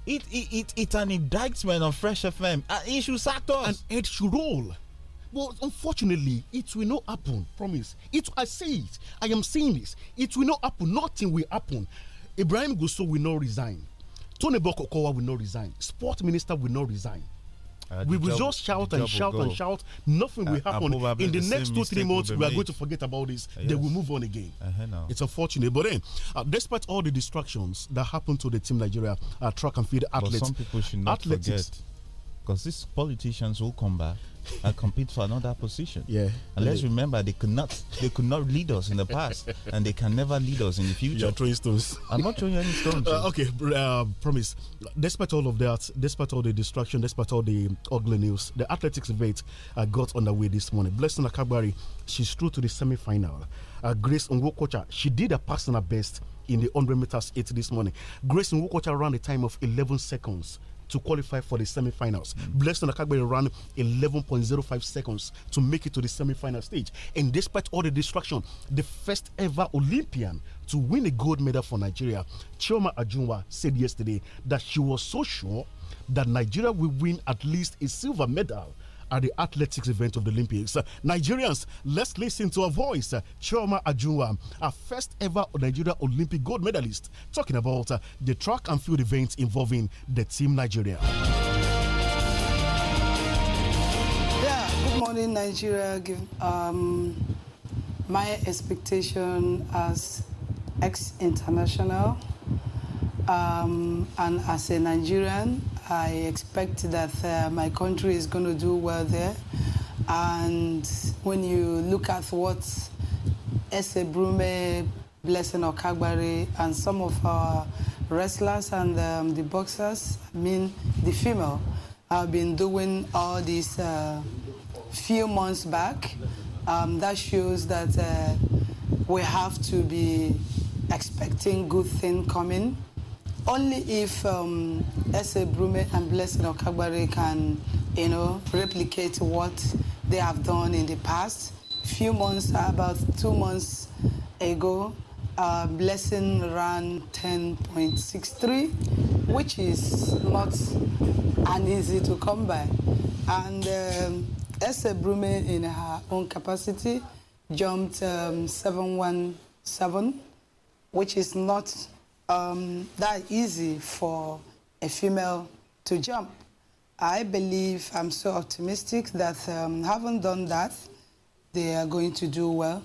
It, it, it, it's an indictment on Fresh FM. Uh, it should sack us. And it should roll. But unfortunately, it will not happen. Promise. It. I say it. I am saying this. It will not happen. Nothing will happen. Ibrahim Gusso will not resign. Tony Bokokowa will not resign. Sport Minister will not resign. Uh, we will just shout and shout and shout. Nothing will happen. in the, the next two, three months, we are going to forget about this. Yes. They will move on again. -huh, no. It's unfortunate. But then, uh, despite all the distractions that happened to the Team Nigeria uh, track and field athletes, some people should not athletics, forget because these politicians will come back and compete for another position. Yeah. And let's remember they could not they could not lead us in the past and they can never lead us in the future. You're throwing stones. I'm not throwing any stones. Uh, okay, uh, promise. Despite all of that, despite all the distraction, despite all the ugly news, the athletics event uh, got underway this morning. Blessing Akabari, she's through to the semi-final. Uh, Grace Onwokocha, she did her personal best in the 100 meters 8 this morning. Grace Nwokocha ran a time of 11 seconds to qualify for the semi-finals. Mm. Blessed Nakagbere ran 11.05 seconds to make it to the semi-final stage. And despite all the distraction, the first ever Olympian to win a gold medal for Nigeria, Chioma Ajunwa said yesterday that she was so sure that Nigeria will win at least a silver medal at the athletics event of the Olympics. Nigerians, let's listen to a voice. Choma Ajua, our first ever Nigeria Olympic gold medalist, talking about uh, the track and field events involving the team Nigeria. Yeah, good morning, Nigeria. um, my expectation as ex international um, and as a Nigerian I expect that uh, my country is going to do well there. And when you look at what Ese Brume, Blessing Okagbare, and some of our wrestlers and um, the boxers, I mean the female, have been doing all these uh, few months back, um, that shows that uh, we have to be expecting good things coming only if um, S.A. Brume and Blessing Okagbare can, you know, replicate what they have done in the past. Few months, about two months ago, uh, Blessing ran 10.63, which is not an easy to come by. And um, S.A. Brume, in her own capacity, jumped um, 717, which is not um, that easy for a female to jump. I believe, I'm so optimistic that um, having done that, they are going to do well.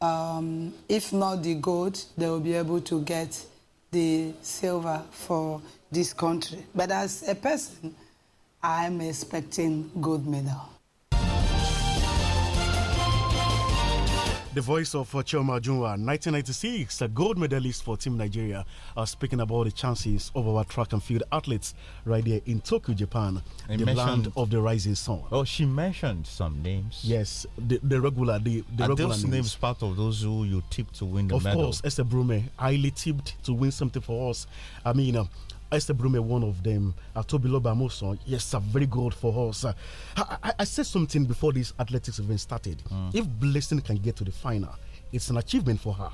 Um, if not the gold, they will be able to get the silver for this country. But as a person, I'm expecting gold medal. The voice of uh, Choma Junwa, 1996, a gold medalist for Team Nigeria, uh, speaking about the chances of our track and field athletes right there in Tokyo, Japan, I the land of the rising sun. Oh, she mentioned some names. Yes, the, the regular, the, the Are regular those names. part of those who you tipped to win the of medal? Of course, Esther Brume, highly tipped to win something for us. I mean, uh, Esther Brume, one of them. Uh, Toby Lobamoson, yes, a very good for us. Uh, I, I, said something before this athletics event started. Mm. If Blessing can get to the final, it's an achievement for her.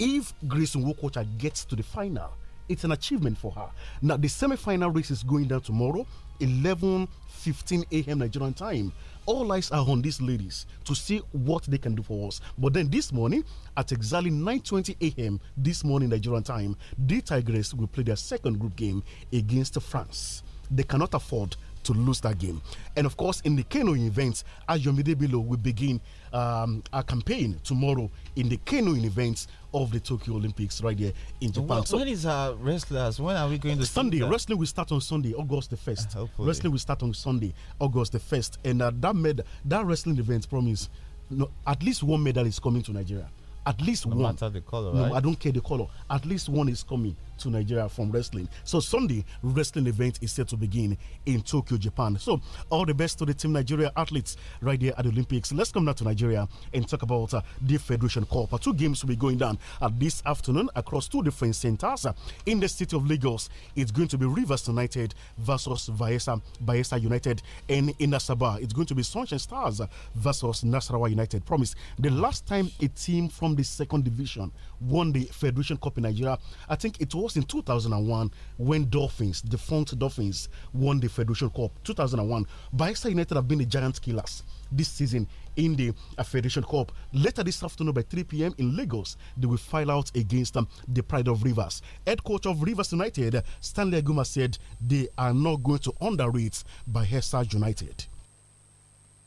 If Grace Wokocha gets to the final, it's an achievement for her. Now, the semi final race is going down tomorrow, 11 15 a.m. Nigerian time all eyes are on these ladies to see what they can do for us. But then this morning, at exactly 9:20 a.m. this morning Nigerian time, the Tigers will play their second group game against France. They cannot afford to lose that game. And of course, in the you event, Ayomide Bilo will begin um, campaign tomorrow in the canoeing event of the Tokyo Olympics right here in Japan. When, so, when is our uh, wrestlers? When are we going to Sunday? Wrestling will start on Sunday, August the first. Ah, wrestling will start on Sunday, August the first, and uh, that med that wrestling event promise. No, at least one medal is coming to Nigeria. At least no one. Matter the color, no, right? I don't care the color. At least one is coming to Nigeria from wrestling. So Sunday, wrestling event is set to begin in Tokyo, Japan. So all the best to the Team Nigeria athletes right there at the Olympics. Let's come now to Nigeria and talk about uh, the Federation Cup. Uh, two games will be going down uh, this afternoon across two different centers uh, in the city of Lagos. It's going to be Rivers United versus Bayesa, Bayesa United and in Asaba. It's going to be Sunshine Stars versus Nasarawa United. Promise, the last time a team from the second division won the Federation Cup in Nigeria, I think it was was in 2001 when Dolphins, the defunct Dolphins, won the Federation Cup. 2001, Bayelsa United have been the giant killers this season in the uh, Federation Cup. Later this afternoon by 3 p.m. in Lagos, they will file out against um, the Pride of Rivers. Head coach of Rivers United, Stanley Aguma, said they are not going to underrate Bayelsa United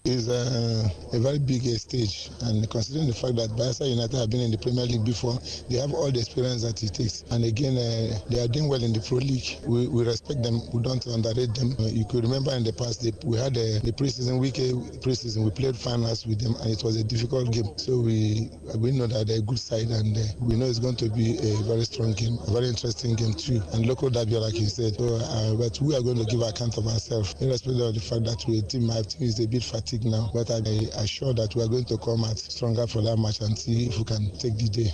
is a, uh, a very big uh, stage. And considering the fact that Bayelsa United have been in the Premier League before, they have all the experience that it takes. And again, uh, they are doing well in the Pro League. We, we respect them. We don't underrate them. Uh, you could remember in the past, they, we had uh, the preseason week, preseason, we played finals with them, and it was a difficult game. So we we know that they're a good side, and uh, we know it's going to be a very strong game, a very interesting game too. And local derby, like you said. So, but we are going to give account of ourselves, irrespective of the fact that we team, my team is a bit fatigued fatigue now, but I assure that we are going to come out stronger for that match and see if we can take the day.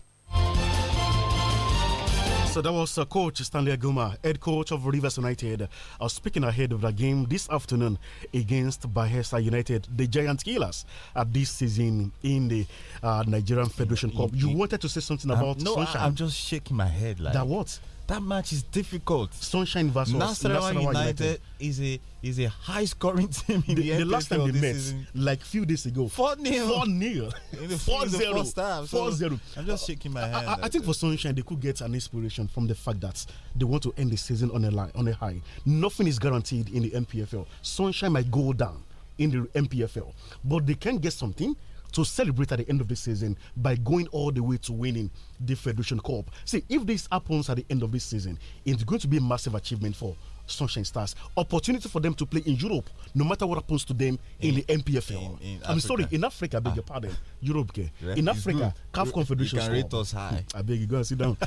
So that was uh, Coach Stanley Aguma, head coach of Rivers United, uh, speaking ahead of the game this afternoon against Bayelsa United, the giant killers at uh, this season in the uh, Nigerian Federation Cup. You wanted to say something about am about no, Sunshine? I'm just shaking my head. Like that what? that match is difficult. Sunshine versus Nasarawa United, United, is a is a high scoring team in the, the, the last time they met, season. like few days ago, four nil, four nil, four zero, four zero. I'm just shaking my head. I, I, I think for Sunshine they could get an inspiration from the fact that they want to end the season on a line, on a high. Nothing is guaranteed in the MPFL. Sunshine might go down in the MPFL, but they can get something to celebrate at the end of the season by going all the way to winning the Federation Cup. See, if this happens at the end of this season, it's going to be a massive achievement for sunshine stars opportunity for them to play in europe no matter what happens to them in, in the mpfl in, in i'm sorry in africa i beg ah. your pardon europe okay. in africa calf confederation you can rate us high i beg you go and sit down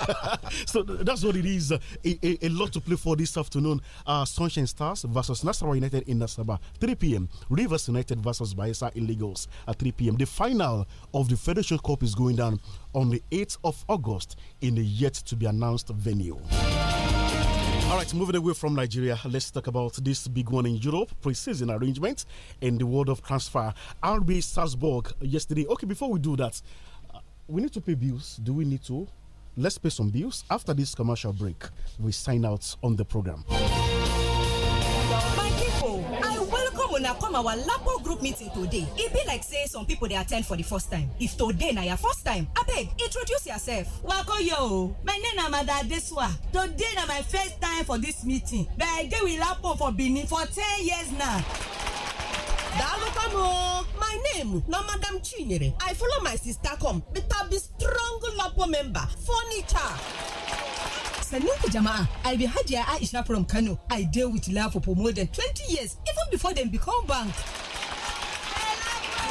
so that's what it is uh, a, a, a, lot to play for this afternoon uh, sunshine stars versus nasarawa united in nasaba 3 p.m rivers united versus Baisa in lagos at 3 p.m the final of the federation cup is going down on the 8th of august in the yet to be announced venue all right, moving away from Nigeria, let's talk about this big one in Europe, pre-season arrangements in the world of transfer. RB Salzburg yesterday. Okay, before we do that, uh, we need to pay bills. Do we need to? Let's pay some bills. After this commercial break, we sign out on the program. My people, una come our lapo group meeting today e be like say some people they attend for the first time if today na your first time I beg introduce yourself. Wako yo, my name is madam adesuwa today na my first time for this meeting but i dey with lapo for benin for ten years now. daalụkwanụ my name na madam chinyere i follow my sister come but I be strong lapo member furniture. sannin jama'a i be hajiya aisha from kano i deal with love for more than twenty years even before they become bank.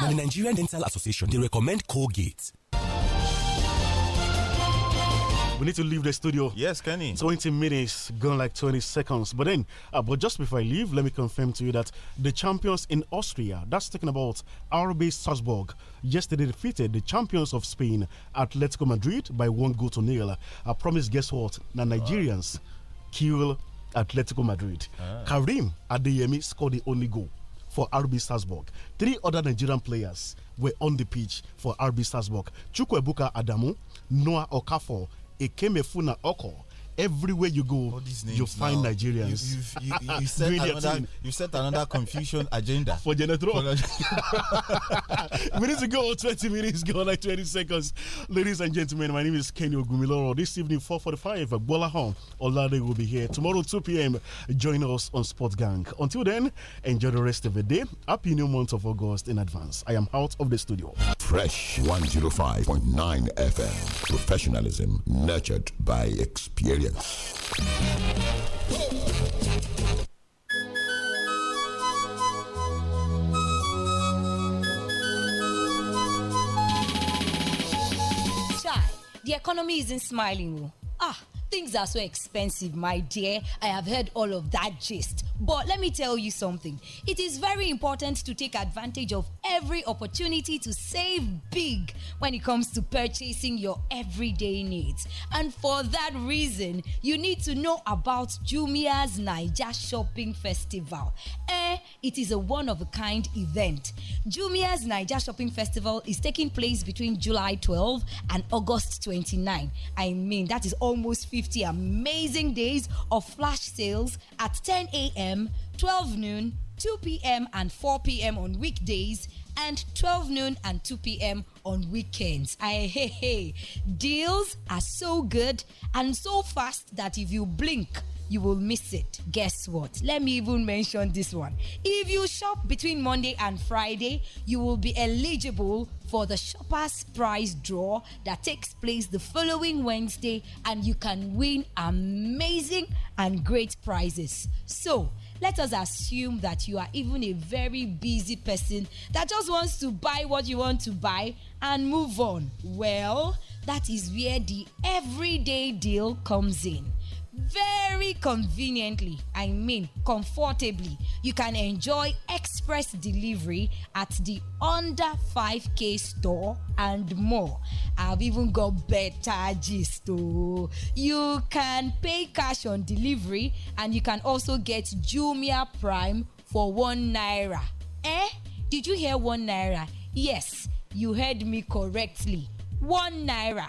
now, the Nigerian Dental Association, they recommend Colgate. We need to leave the studio. Yes, Kenny. 20 minutes, gone like 20 seconds. But then, uh, but just before I leave, let me confirm to you that the champions in Austria, that's talking about RB Salzburg, yesterday defeated the champions of Spain, Atletico Madrid, by one goal to nil. I uh, promise, guess what? The Nigerians wow. kill Atletico Madrid. Ah. Karim Adeyemi scored the only goal for RB Salzburg. Three other Nigerian players were on the pitch for RB Salzburg. Chukwuebuka Adamu, Noah Okafor, Ekemefuna Oko, everywhere you go, you find now. Nigerians. you you, you, you set another, you set another confusion agenda for Genetro. Minutes ago 20 minutes, ago, like 20 seconds. Ladies and gentlemen, my name is Kenny Ogumiloro. This evening, 4.45, Bola Home, Olade will be here. Tomorrow, 2 p.m., join us on Sport Gang. Until then, enjoy the rest of the day. Happy new month of August in advance. I am out of the studio. Fresh 105.9 FM. Professionalism nurtured by experience. Chai, the economy isn't smiling. Oh. Ah, things are so expensive, my dear. I have heard all of that gist. But let me tell you something it is very important to take advantage of every opportunity to save big when it comes to purchasing your everyday needs. And for that reason, you need to know about Jumia's Nigeria Shopping Festival. Eh, it is a one of a kind event. Jumia's Nigeria Shopping Festival is taking place between July 12 and August 29. I mean, that is almost 50 amazing days of flash sales at 10 a.m a.m., 12 noon, 2 p.m., and 4 p.m. on weekdays, and 12 noon and 2 p.m. on weekends. I, hey, hey, deals are so good and so fast that if you blink, you will miss it. Guess what? Let me even mention this one. If you shop between Monday and Friday, you will be eligible for the shopper's prize draw that takes place the following Wednesday, and you can win amazing and great prizes. So, let us assume that you are even a very busy person that just wants to buy what you want to buy and move on. Well, that is where the everyday deal comes in very conveniently, I mean comfortably, you can enjoy express delivery at the under 5k store and more. I've even got better gist too. Oh. You can pay cash on delivery and you can also get Jumia Prime for 1 naira. Eh? Did you hear 1 naira? Yes, you heard me correctly. 1 naira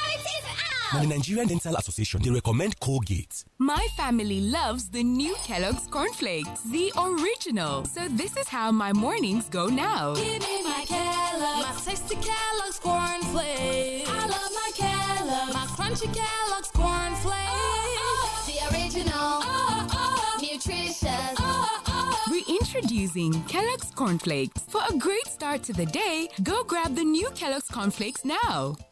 now, the Nigerian Dental Association, they recommend Colgate. My family loves the new Kellogg's cornflakes, the original. So this is how my mornings go now. Give me my Kellogg's, my tasty Kellogg's cornflakes. I love my Kellogg's, my crunchy Kellogg's cornflakes. Oh, oh, the original, oh, oh. nutritious. Oh, oh. Reintroducing Kellogg's cornflakes. For a great start to the day, go grab the new Kellogg's cornflakes now.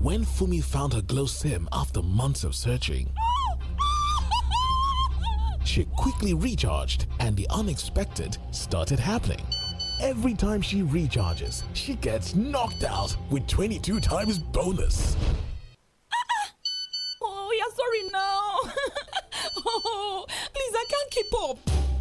When Fumi found her glow sim after months of searching, she quickly recharged and the unexpected started happening. Every time she recharges, she gets knocked out with 22 times bonus. oh, are sorry, now. oh, please, I can't keep up.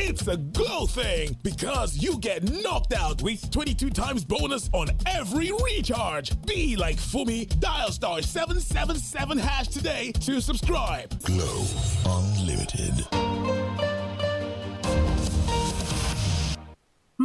It's a glow thing because you get knocked out with 22 times bonus on every recharge. Be like Fumi, dial star 777 hash today to subscribe. Glow Unlimited.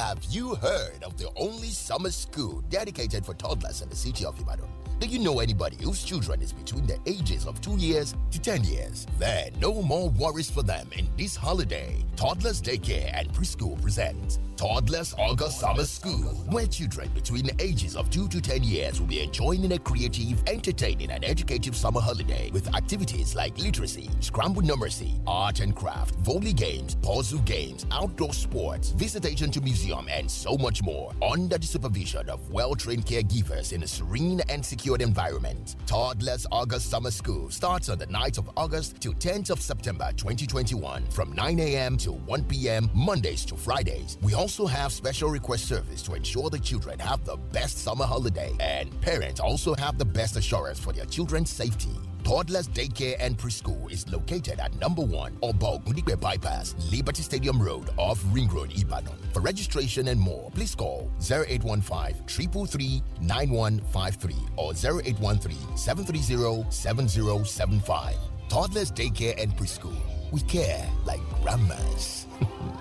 Have you heard of the only summer school dedicated for toddlers in the city of Ibadan? Do you know anybody whose children is between the ages of 2 years to 10 years? There are no more worries for them in this holiday. Toddlers Daycare and Preschool presents Toddlers August Summer School, where children between the ages of 2 to 10 years will be enjoying a creative, entertaining, and educative summer holiday with activities like literacy, scrambled numeracy, art and craft, volley games, puzzle games, outdoor sports, visitation to museum, and so much more under the supervision of well-trained caregivers in a serene and secure secured environment. Toddlers August Summer School starts on the night of August to 10th of September 2021 from 9 a.m. to 1 p.m. Mondays to Fridays. We also have special request service to ensure the children have the best summer holiday and parents also have the best assurance for their children's safety. Toddlers Daycare and Preschool is located at number 1 Obalgundigbe Bypass, Liberty Stadium Road off Ring Road, Ibadan. For registration and more, please call 0815 333 9153 or 0813 730 7075. Toddlers Daycare and Preschool. We care like grandmas.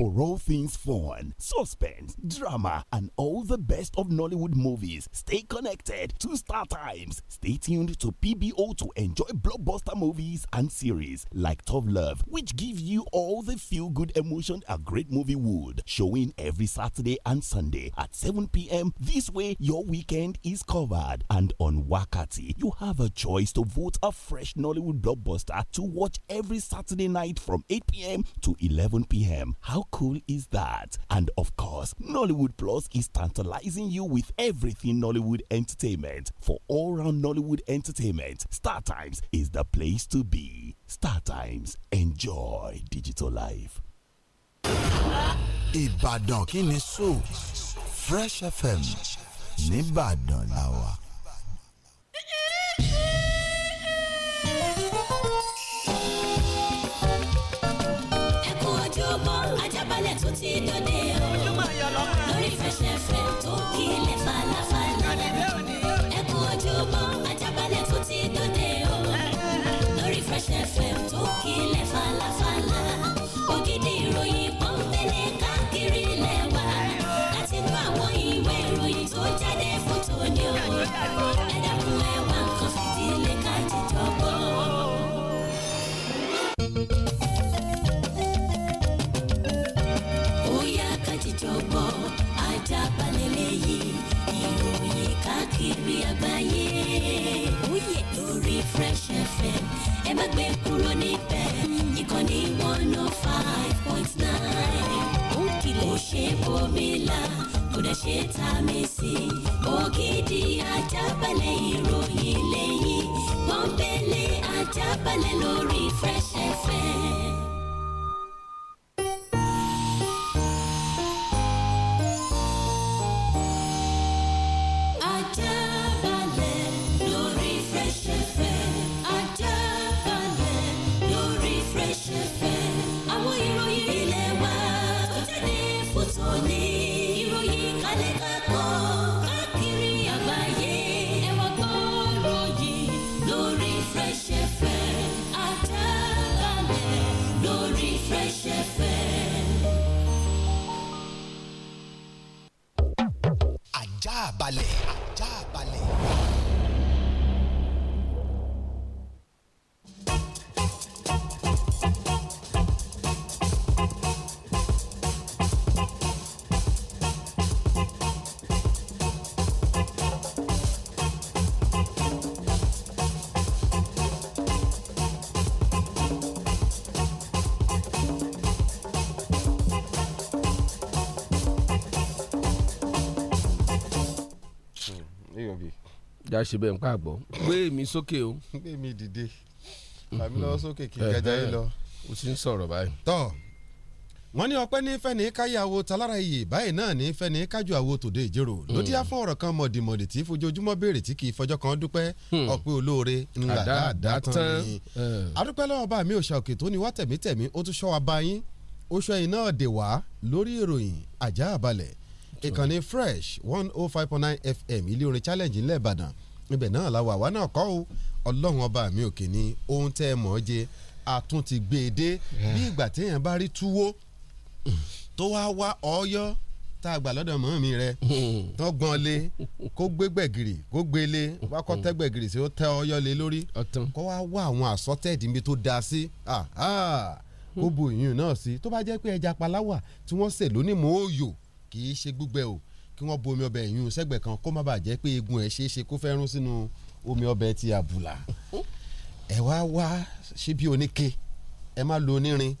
for all things fun, suspense, drama, and all the best of Nollywood movies. Stay connected to Star Times. Stay tuned to PBO to enjoy blockbuster movies and series like Tough Love, which give you all the feel good emotion a great movie would. Showing every Saturday and Sunday at 7 p.m. This way, your weekend is covered. And on Wakati, you have a choice to vote a fresh Nollywood blockbuster to watch every Saturday night from 8 p.m. to 11 p.m. How cool is that? And of course, Nollywood Plus is tantalizing you with everything Nollywood entertainment. For all round Nollywood entertainment, Star Times is the place to be. Star Times, enjoy digital life. Ìbàdàn kí so Fresh FM nìbàdàn làwà. a ṣe bẹ́ẹ̀ ń pa àgbọ̀ gbé mi sókè o. gbé mi dìde fàmí hmm. lọ sókè kí gàjà yìí lọ. o ti ń sọ̀rọ̀ báyìí. tọ́ wọ́n ní ọpẹ́ ní fẹ́ni káyàwó talára iyì báyìí náà ní fẹ́ni kájú àwo tòde ìjérò hmm. lódì á fún ọ̀rọ̀ kan mọ̀dìmọ̀dì tí fojoojúmọ́ béèrè tí kì í fọjọ́ kan dúpẹ́ hmm. ọ̀pẹ́ olóore ńlá dáadáa tán ni. adúpẹ́ lọ́wọ́ bá mi òòṣà òkè tó ni wá tẹ̀mítẹ̀mí ó tún ṣọ́ wa báyìí ó ṣọ́ iná dè wá lórí ìròyìn àjá àbálẹ̀ ìkànnì fresh one oh five point nine fm ilé orin challenge ńlẹ̀ ìbàdàn ibẹ̀ náà la wà wá náà kọ́ o ọlọ́run ọba mi òkè ni ohun tẹ́ ẹ mọ̀ ọ́ jẹ atún ti gbé e dé eh. bí ìgbà téèyàn bá rí túwó tó wá wá ọ̀ọ́yọ́ tá a gbà lọ́dọ̀ mọ́ mi rẹ hmm. tán gan lé kó gbé gbẹ̀gìrì kó gbé lé wákọ́ tẹ́ gbẹ̀gìrì sí ó tẹ́ ọ̀ọ́yọ́ lé lórí kó wá wá àwọn àsọtẹ́ẹ̀dì mi tó da sí ó bu ìyún náà sí tó bá jẹ́ pé ẹja paláwà tí wọ́n sè lónìí mọ́ òòyò kì í ṣe gbígbẹ o kí wọ́n bu omi ọbẹ̀ yìnyín sẹ́gbẹ̀ kan kó má bàa jẹ́ pé eegun ẹ̀ ṣeé ṣe kó fẹ́ rún sínú omi ọbẹ̀ ti àbùlà ẹ wá wá síbi oníke ẹ má lo onírin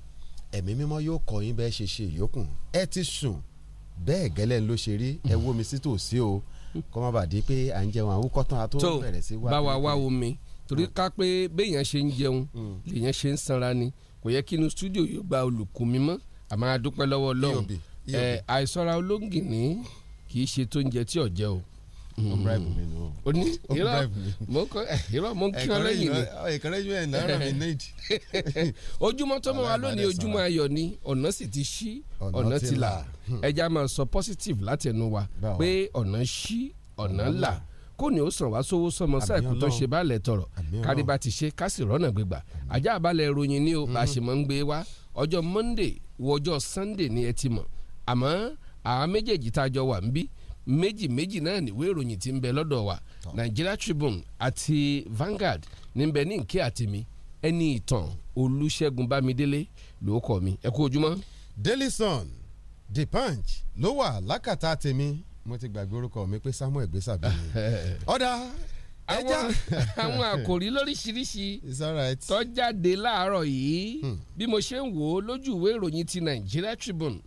ẹ̀mí mímọ́ yóò kọ́ yín bẹ́ẹ̀ ṣe ṣe ìyókùn ẹ ti sùn bẹ́ẹ̀ gẹ́lẹ́ ló ṣe rí ẹ wo mi sí tòsí o kọ́ má bàa di pé à ń jẹun àwùkọ́ tán a bẹ̀rẹ̀ sí wá. tó bá wá omi torí ká pé béèyàn ṣe ń jẹun hmm. lèèyàn ṣe ń sanra ni kò yẹ kí inú stúdíò yóò gba olùkú mímọ́ àmọ́ a lọ́wọ́ Ọlọ́run e e àìsọ́ra olóngìní kì í ṣe tó ń jẹ tí ò jẹ o o ní irọ́ mo kọ irọ́ mo ń kí ọ lẹ́yìn ni. ìkọlẹ́jù ẹ̀ náírà mi níìdì. ojúmọ́ tó mọ́ wa lónìí ojúmọ́ ayọ̀ ni ọ̀nà sì ti ṣí ọ̀nà ti là ẹja máa sọ positive láti ẹnu wa pé ọ̀nà ṣí ọ̀nà là kó ní ó sàn wá sówó sọmọ sáìkú tó ṣe bá lẹ tọrọ káríba ti ṣe ká sì rọ́nà gbégbà ajá àbálẹ̀ ìròyìn ni ó bá ṣe mọ́ ń gbé wá ọjọ́ Monday wọ Sunday ni ẹ ti mọ̀ àmọ́ àwọn méjèèjì tá a jọ wà ń bí méjì méjì náà níwé ìròyìn tí ń bẹ lọ́dọ̀ wa Nigeria Tribune àti Vanguard ní bẹ ní nkí àti mi ẹni ìtàn Olúṣẹ́gun Bámidélé ló kọ mi ẹ kú ojúmọ́. Daily Sun The Punch ló wà lákàtà tèmi mo ti gbàgbé orúkọ mi pé Samuel gbèsàbí mi ọ̀dà ẹja àwọn àkòrí lóríṣiríṣi tó jáde láàárọ̀ yìí hmm. bí mo ṣe ń wò ó lójú ìwé ìròyìn ti Nigeria Tribune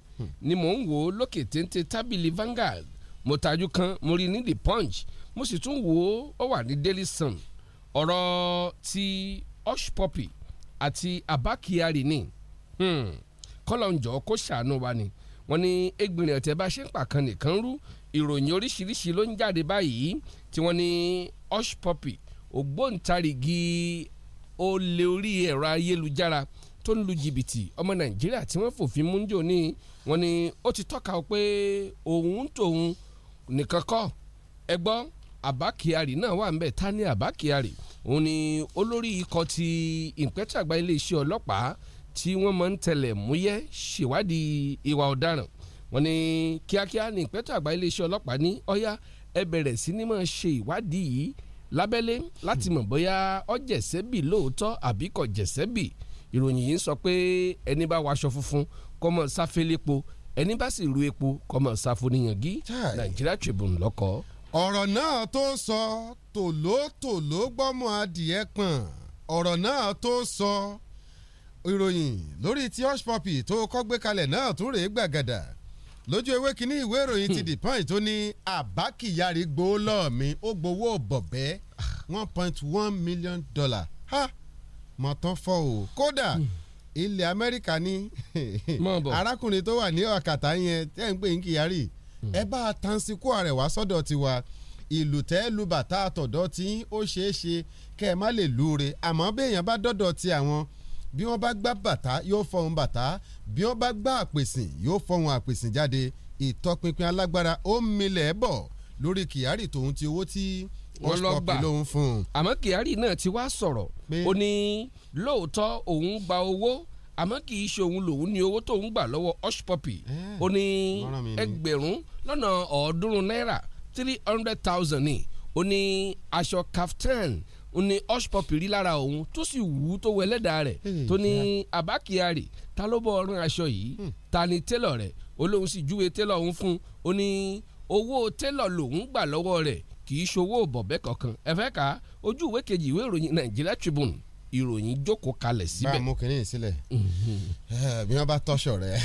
ni mò ń wò ó lókè téńté tábìlì Vanguard mo tajú kan mo rí ní The Punch mo sì tún wò ó ó wà ní Daily Sun ọ̀rọ̀ ti Hush Puppy àti Abba Kyari ni hmm. kọ́lọ́njọ́ kó ṣàánú wa ni wọ́n ní egbìnrin ọ̀tẹ̀ bá ṣe ń pàkan nìkan rú ìròyìn oríṣiríṣi ló ń jáde báyìí tí wọ́n ní Hush Puppy ògbóǹtarìgì olè orí ẹ̀rọ ayélujára tó ń lu jìbìtì ọmọ Nàìjíríà tí wọ́n fòfin mú ń jò ní wọ́n ní ó ti tọ́ka pé òun tòun nìkan kọ́ ẹ gbọ́ Abba Kyari náà wà ń bẹ̀ ta ni Abba Kyari òun ni olórí ikọ̀ ti ìpẹ́tẹ̀ àgbà iléeṣẹ́ ọlọ́pàá tí wọ́n máa ń tẹ̀lẹ̀ múyẹ́ ṣèwádìí ìwà ọ̀daràn wọ́n ní kíákíá ní ìpẹ́tọ̀ àgbà iléeṣẹ́ ọlọ́pàá ní ọ̀yá ẹ bẹ̀rẹ̀ sí ní máa ṣe ìwádìí yìí lábẹ́lé láti mọ̀ bóyá ó jẹ̀ṣẹ̀ bí àbí kò jẹ̀ṣẹ̀ ìròyìn yìí sọ pé ẹni bá waṣọ funfun kọ́mọ sáfẹ́lẹ́po ẹni bá sì ru epo kọ́mọ sáfóníyàngí Nàìjíríà Tribune lọ́kọ́. ọ̀rọ̀ náà tó sọ tòlótòló gbọ́mọ adìẹ pọ̀n ọ̀rọ̀ náà tó sọ ìròyìn lórí ti hush puppy tó kọ́ gbé kalẹ̀ náà tún rèé gbàgàdà lójú ewé kínní ìwé ìròyìn ti hmm. the point tó ní àbá kyari mi ó gbowó bọ̀bẹ́ ah. one point one million dollar ha mọ̀tán fọ́ o kódà. Hmm ilẹ̀ amẹ́ríkà ni arákùnrin tó wà ní ọ̀kàtà yẹn tẹ́ ń pè ń Kyari ẹ bá a tan síkú rẹ̀ wá sọ́dọ̀ tiwa ìlú tẹ́ lu bàtà àtọ̀dọ̀ tí ó ṣeé ṣe kẹ́ ẹ má lè lure àmọ́ béèyàn bá dọ́dọ̀ ti àwọn bí wọ́n bá gbá bàtà yóò fọhùn bàtà bí wọ́n bá gbá àpèsìn yóò fọhùn àpèsìn jáde ìtọpinpin alágbára ó ń milẹ̀ bọ̀ lórí Kyari tòun ti owó tí. Ti wọ́n lọ gbà àmọ́ Kyari náà ti wá sọ̀rọ̀ ó ní lóòótọ́ òun gba owó àmọ́ kì í ṣe òun lòun ní owó tóun gbà lọ́wọ́ Hushpuppi ó ní ẹgbẹ̀rún lọ́nà ọ̀ọ́dúnrún náírà three hundred thousand ni ó ní aṣọ kaftan ó ní Hushpuppi rí lára òun tó sì wù ú tó wọ ẹlẹ́dàá rẹ̀ tó ní Abba Kyari ta ló bọ́ ọrùn aṣọ yìí hmm. ta ni télọ̀ rẹ̀ olóhùn sì júwe télọ̀ òun fún ó ní owó télọ̀ lòun gbà lọ́wọ́ rẹ̀ kì í ṣowó bọ̀bẹ́ kankan ẹ fẹ́ ka ojú ìwé kejì ìwé ìròyìn Nigeria Tribune ìròyìn jókòó kalẹ̀ síbẹ̀. máa mú kinní yìí sílẹ̀ mhm. eh, bí wọ́n bá tọ́ṣọ̀ rẹ̀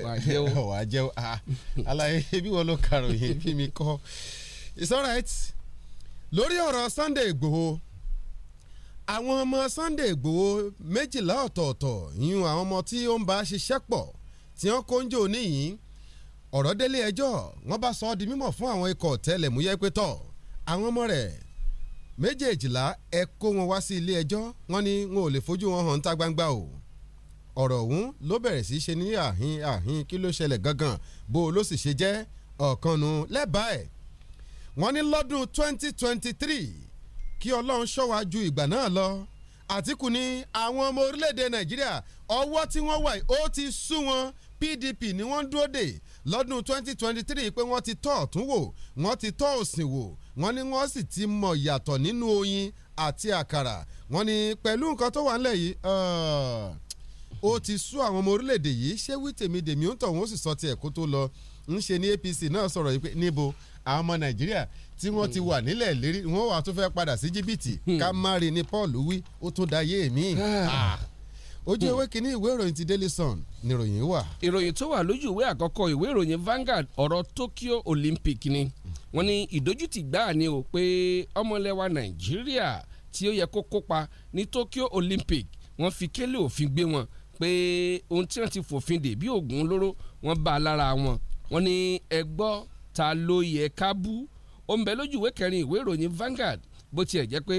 wà á jẹ́ ah, alaye bí wọ́n ló karòyìn bí mi kọ́ it's alright lórí ọ̀rọ̀ Sunday Igboho àwọn ọmọ Sunday Igboho méjìlá ọ̀tọ̀ọ̀tọ̀ yìnyín àwọn ọmọ tí ó ń bá ṣiṣẹ́ pọ̀ tí wọ́n kó ń jò níyìn ọ̀rọ̀ délé ẹjọ́ wọ́n bá sọ ọ́ di mímọ̀ fún àwọn ikọ̀ tẹ́lẹ̀múyẹ́ pé tọ̀ àwọn ọmọ rẹ̀ méjèèjìlá ẹ kó wọn wá sí ilé ẹjọ́ wọ́n ní wọn ò lè fojú wọn hàn ta gbangba o ọ̀rọ̀ ọ̀hún ló bẹ̀rẹ̀ sí ṣe ní àhín àhín kí ló ṣẹlẹ̀ gangan bó ló sì ṣe jẹ́ ọ̀kanù lẹ́bàá ẹ̀ wọ́n ní lọ́dún 2023 kí ọlọ́run ṣọ́wá ju ìgbà náà lọ àtìkù ní àwọn ọmọ orílẹ̀-èdè nàìjíríà ọwọ́ tí wọ́n wà ó ti sú wọn pdp ni wọ́n dúró dè lọ́dún 2023 pé wọ́n ti tọ́ ọ̀tún wò wọ́n ti tọ́ òsìn wò wọ́n ní wọ́n sì ti mọ̀ yàtọ̀ nínú oyin àti àkàrà wọ́n ní pẹ̀lú nǹkan tó wà nílẹ̀ yìí uh, ó ti sú àwọn ọmọ orílẹ̀-èdè yìí ṣé wí tèmídèmí ó ń tọ̀hún ó sì sọ tiẹ̀ kó tó lọ ń ṣe ní APC náà sọ̀rọ̀ yìí pé níbo àwọn ọmọ Nàìjíríà tí wọ́n ti wà nílẹ̀ lérí wọ́n wà tó fẹ́ padà sí jìbìtì hmm. ká má rí ni Paul wí ó tún dayé mi ah. Ah. ojú ìwé kínní ìwé ìròyìn ti Daily Sun níròyìn wà. ìròyìn tó wà lójú ìwé àkọ́kọ́ ìwé ìròyìn Vanguard ọ̀rọ̀ Tokyo Olympic ni wọ́n ní ìdójútì gbáà ni o pé ọmọlẹ́wà nàìjíríà tí ó yẹ kó kópa ní Tokyo Olympic wọ́n fi kélé òfin gbé wọn pé ohun tí wọ́n ti fòfin dè bí oògùn olóró wọ́n bá a lára wọn wọ́n ní ẹ ta ló yẹ ká bú ó lójú ìwé kẹrin ìwé ìròyìn Vanguard bó tiẹ̀ jẹ́ pé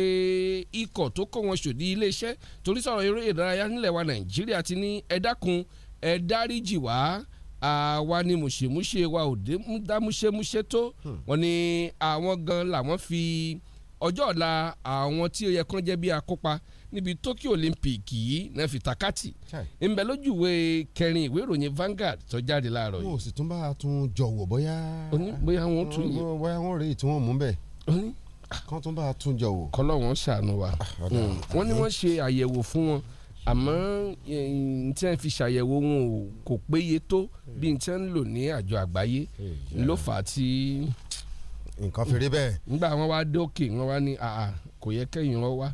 ikọ̀ tó kó wọn ṣòdí iléeṣẹ́ torí sọ̀rọ̀ eré ìdárayá nílẹ̀ wa Nàìjíríà ti ní ẹ dákun dáríjì wá àwa ni mùṣèmùṣe wa ò dé dámúṣémúṣé tó hmm. wọ́n ní àwọn gan làwọn fi ọjọ́ ọ̀la àwọn tí ó yẹ kán jẹ́ bí akópa níbi Tokyo Olympic yìí náà fi takati ńbẹ lójúwe kẹrin ìwé ìròyìn Vanguard tó jáde láàárọ̀ yìí. wọn ò sì tún bá a tún jọ̀wọ́ bóyá. bóyá wọn tún yìí. bóyá wọn rèé tí wọn mú bẹ́ẹ̀ kan tún bá a tún jọ wò. kọlọ́wọ́n ṣàánú wa ah, hmm. wọ́n ní wọ́n ṣe àyẹ̀wò fún wọn àmọ́ eh, n tí wọ́n fi ṣàyẹ̀wò wọn ò kò péye tó bí n tí wọ́n ń lò ní àjọ àgbáyé ló fà á tí. nǹkan fi rí bẹ́ẹ̀. nígbà wọn wá dókè wọn wá ní àà kò yẹ kẹ́yìn wọn wá.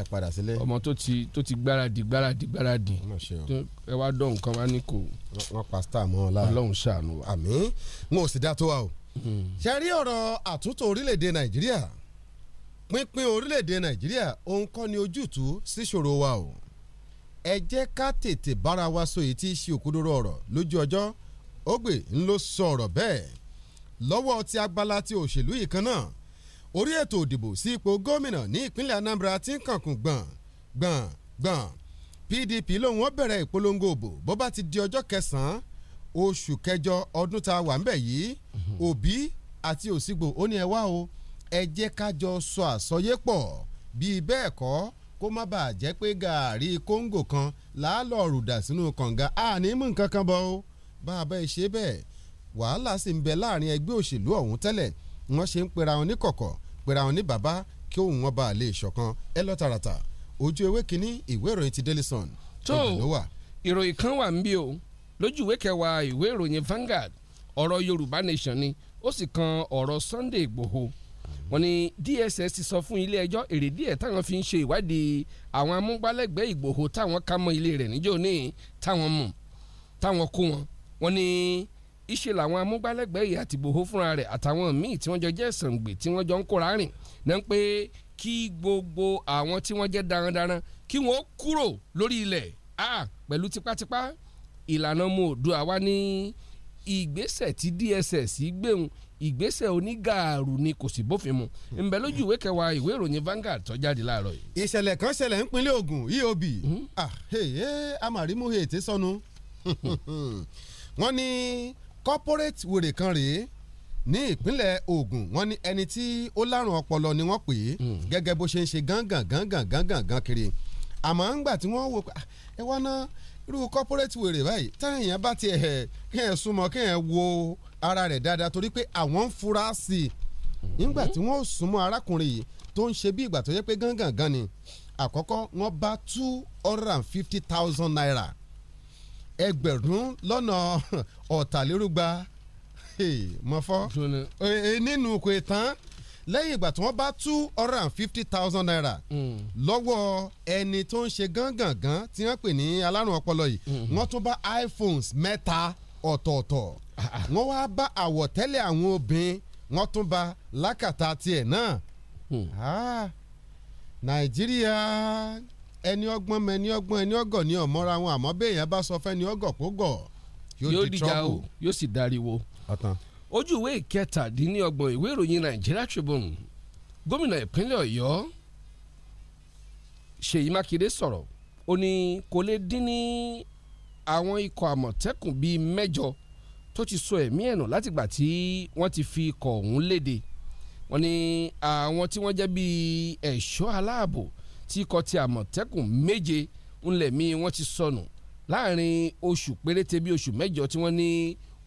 ẹ padà sílé. ọmọ tó ti tó ti gbáradì gbáradì gbáradì ẹ wá dán nǹkan wá ní kò. wọn pa star mọ ọ la Ọlọ́run ṣàánú. àmín n ò sì dá tó wa o. Hmm. ṣe rí ọ̀rọ̀ àtúntò orílẹ̀-èdè nàìjíríà pínpín orílẹ̀-èdè nàìjíríà òun kọ́ ni ojútùú síṣòro wa o. Hmm ẹ jẹ́ ká tètè bára wa so èyí tí í ṣe òkodoro ọ̀rọ̀ lójú ọjọ́ ó gbè ń lọ sọ ọ̀rọ̀ bẹ́ẹ̀ lọ́wọ́ ti agbala ti òṣèlú yìí kan náà orí ètò òdìbò sí ipò gómìnà ní ìpínlẹ̀ Anambra ti ń kànkùn gbọ̀n gbọ̀n gbọ̀n PDP lòun ó bẹ̀rẹ̀ ìpolongo òbò bó bá ti di ọjọ́ kẹsàn-án oṣù kẹjọ ọdún tá wà ń yìí Obi mm-hmm. àti Òsígbò ó ní ẹ wá o ẹ jẹ́ ká jọ sọ àsọyé pọ̀ bíi bẹ́ẹ̀ kọ́ kó má bàa jẹ́ pé gàárì kóńgò kan làálọ̀ rùdà sínú kànga àní mú nǹkan kan bọ́ ó bá a bẹ́ẹ̀ ṣe bẹ́ẹ̀ wàhálà sì ń bẹ láàrin ẹgbẹ́ òṣèlú ọ̀hún tẹ́lẹ̀ wọ́n ṣe ń pera wọn ní kọ̀kọ̀ pera wọn ní bàbá kí òun wọn bá a lè ṣọ̀kan ẹ lọ tààràtà ojú ewé kínní ìwé ìròyìn ti Daily Sun tó ìròyìn kan wà ń bí o lójú ìwé kẹwàá ìwé ìròyìn Vanguard ọ̀rọ̀ Yorùbá Nation ni ó sì kan ọ̀rọ̀ Sunday Ìgbòho wọ́n ni DSS ti sọ fún ilé ẹjọ́ èrèdí ẹ̀ táwọn fi ń ṣe ìwádìí àwọn amúgbálẹ́gbẹ̀ẹ́ Ìgbòho táwọn ká mọ́ ilé rẹ̀ níjọ́ ní táwọn mú táwọn kó wọn wọ́n ní iṣẹ́ làwọn amúgbálẹ́gbẹ̀ẹ́ yìí àti Ìgbòho fúnra rẹ̀ àtàwọn míì tí wọ́n jọ jẹ́ sàngbè tí wọ́n jọ ń kóra rìn náà ń pé kí gbogbo àwọn tí wọ́n jẹ́ darandaran kí wọ́n kúrò lórí ilẹ̀ ah pẹ̀lú tipátipá ìlànà mòdùà wa ní ìgbésẹ̀ tí DSS gbéhùn ìgbésẹ̀ onígààrú ni kò sì bófin mu ńbẹ hmm. lójú ìwé kẹwàá ìwé ìròyìn Vanguard tó jáde láàárọ̀ yìí. ìṣẹ̀lẹ̀ kan ṣẹlẹ̀ ńpínlẹ̀ Ògùn EOB amarimu ètè sọnù wọ́n ní corporate wèrè kan rèé ní ìpínlẹ̀ Ògùn wọ́n ní ẹni tí ó lárùn ọpọlọ ni wọ́n pè é hmm. gẹ́gẹ́ bó ṣe ń ṣe gángan gángan gángan gan kiri àmọ́ ńgbà tí wọ́n wò ah, ẹ wá ná irú corporate wèrè báyìí táyà bá tiẹ̀ kẹ́ ẹ̀ súnmọ́ kẹ́ ẹ̀ wo ara rẹ̀ dáadáa torí pé àwọn ń fura sí i nígbà tí wọ́n súnmọ́ arákùnrin yìí tó ń ṣe bí ìgbà tó yẹ pé gángan gan ni àkọ́kọ́ wọ́n bá two hundred and fifty thousand naira ẹgbẹ̀rún lọ́nà ọ̀tàlérúgba mọ̀fọ́ eh, eh, nínú kò tán lẹ́yìn ìgbà tí wọ́n bá two hundred and fifty thousand naira hmm. lọ́wọ́ ẹni tó ń ṣe gángan gan tí wọ́n pè ní alárùn ọpọlọ yìí hmm. wọ́n tún bá iPhones mẹ́ta. ọ̀tọ̀ọ̀tọ̀ wọ́n wá bá àwọ̀tẹ́lẹ̀ àwọn obìnrin wọ́n tún ba lákàtà tiẹ̀ náà hmm. ah, nàìjíríà ẹni ọgbọ́n mẹ́ni ọgbọ́n ẹni ọgọ̀ ni ọ̀mọ́ra wọn àmọ́ béèyàn bá sọ fẹ́ni ọgọ̀ kó àwọn ikọ̀ àmọ̀tẹ́kùn bíi mẹ́jọ tó ti sọ ẹ̀mí ẹ̀nà látìgbà tí wọ́n ti fi ikọ̀ ọ̀hún léde wọ́n ní àwọn tí wọ́n jẹ́ bíi ẹ̀ṣọ́ aláàbò tí ikọ̀ ti àmọ̀tẹ́kùn méje ńlẹ̀mí wọ́n ti sọnù láàrin oṣù péréte bíi oṣù mẹ́jọ tí wọ́n ní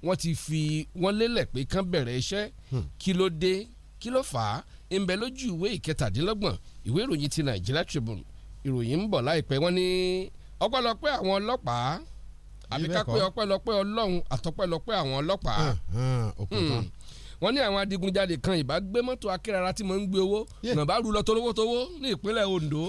wọ́n ti fi wọ́n lélẹ̀ pé kán bẹ̀rẹ̀ iṣẹ́ hmm. kí ló dé kí ló fà á ń lójú ìwé ìkẹtàdínlọ́gbọ̀n ìwé ìròyìn ti Nigeria Tribune ìròyìn ń bọ̀ láìpẹ́ wọ́n ní ọpẹ́lọpẹ́ àwọn ọlọ́pàá àbí ká pé ọpẹ́lọpẹ́ ọlọ́run àtọpẹ́lọpẹ́ àwọn ọlọ́pàá hmm. wọ́n ní àwọn adigunjalè kan ìbá gbé mọ́tò akérara tí mo ń gbé owó náà bá rú lọ tólówó tówó ní ìpínlẹ̀ Ondo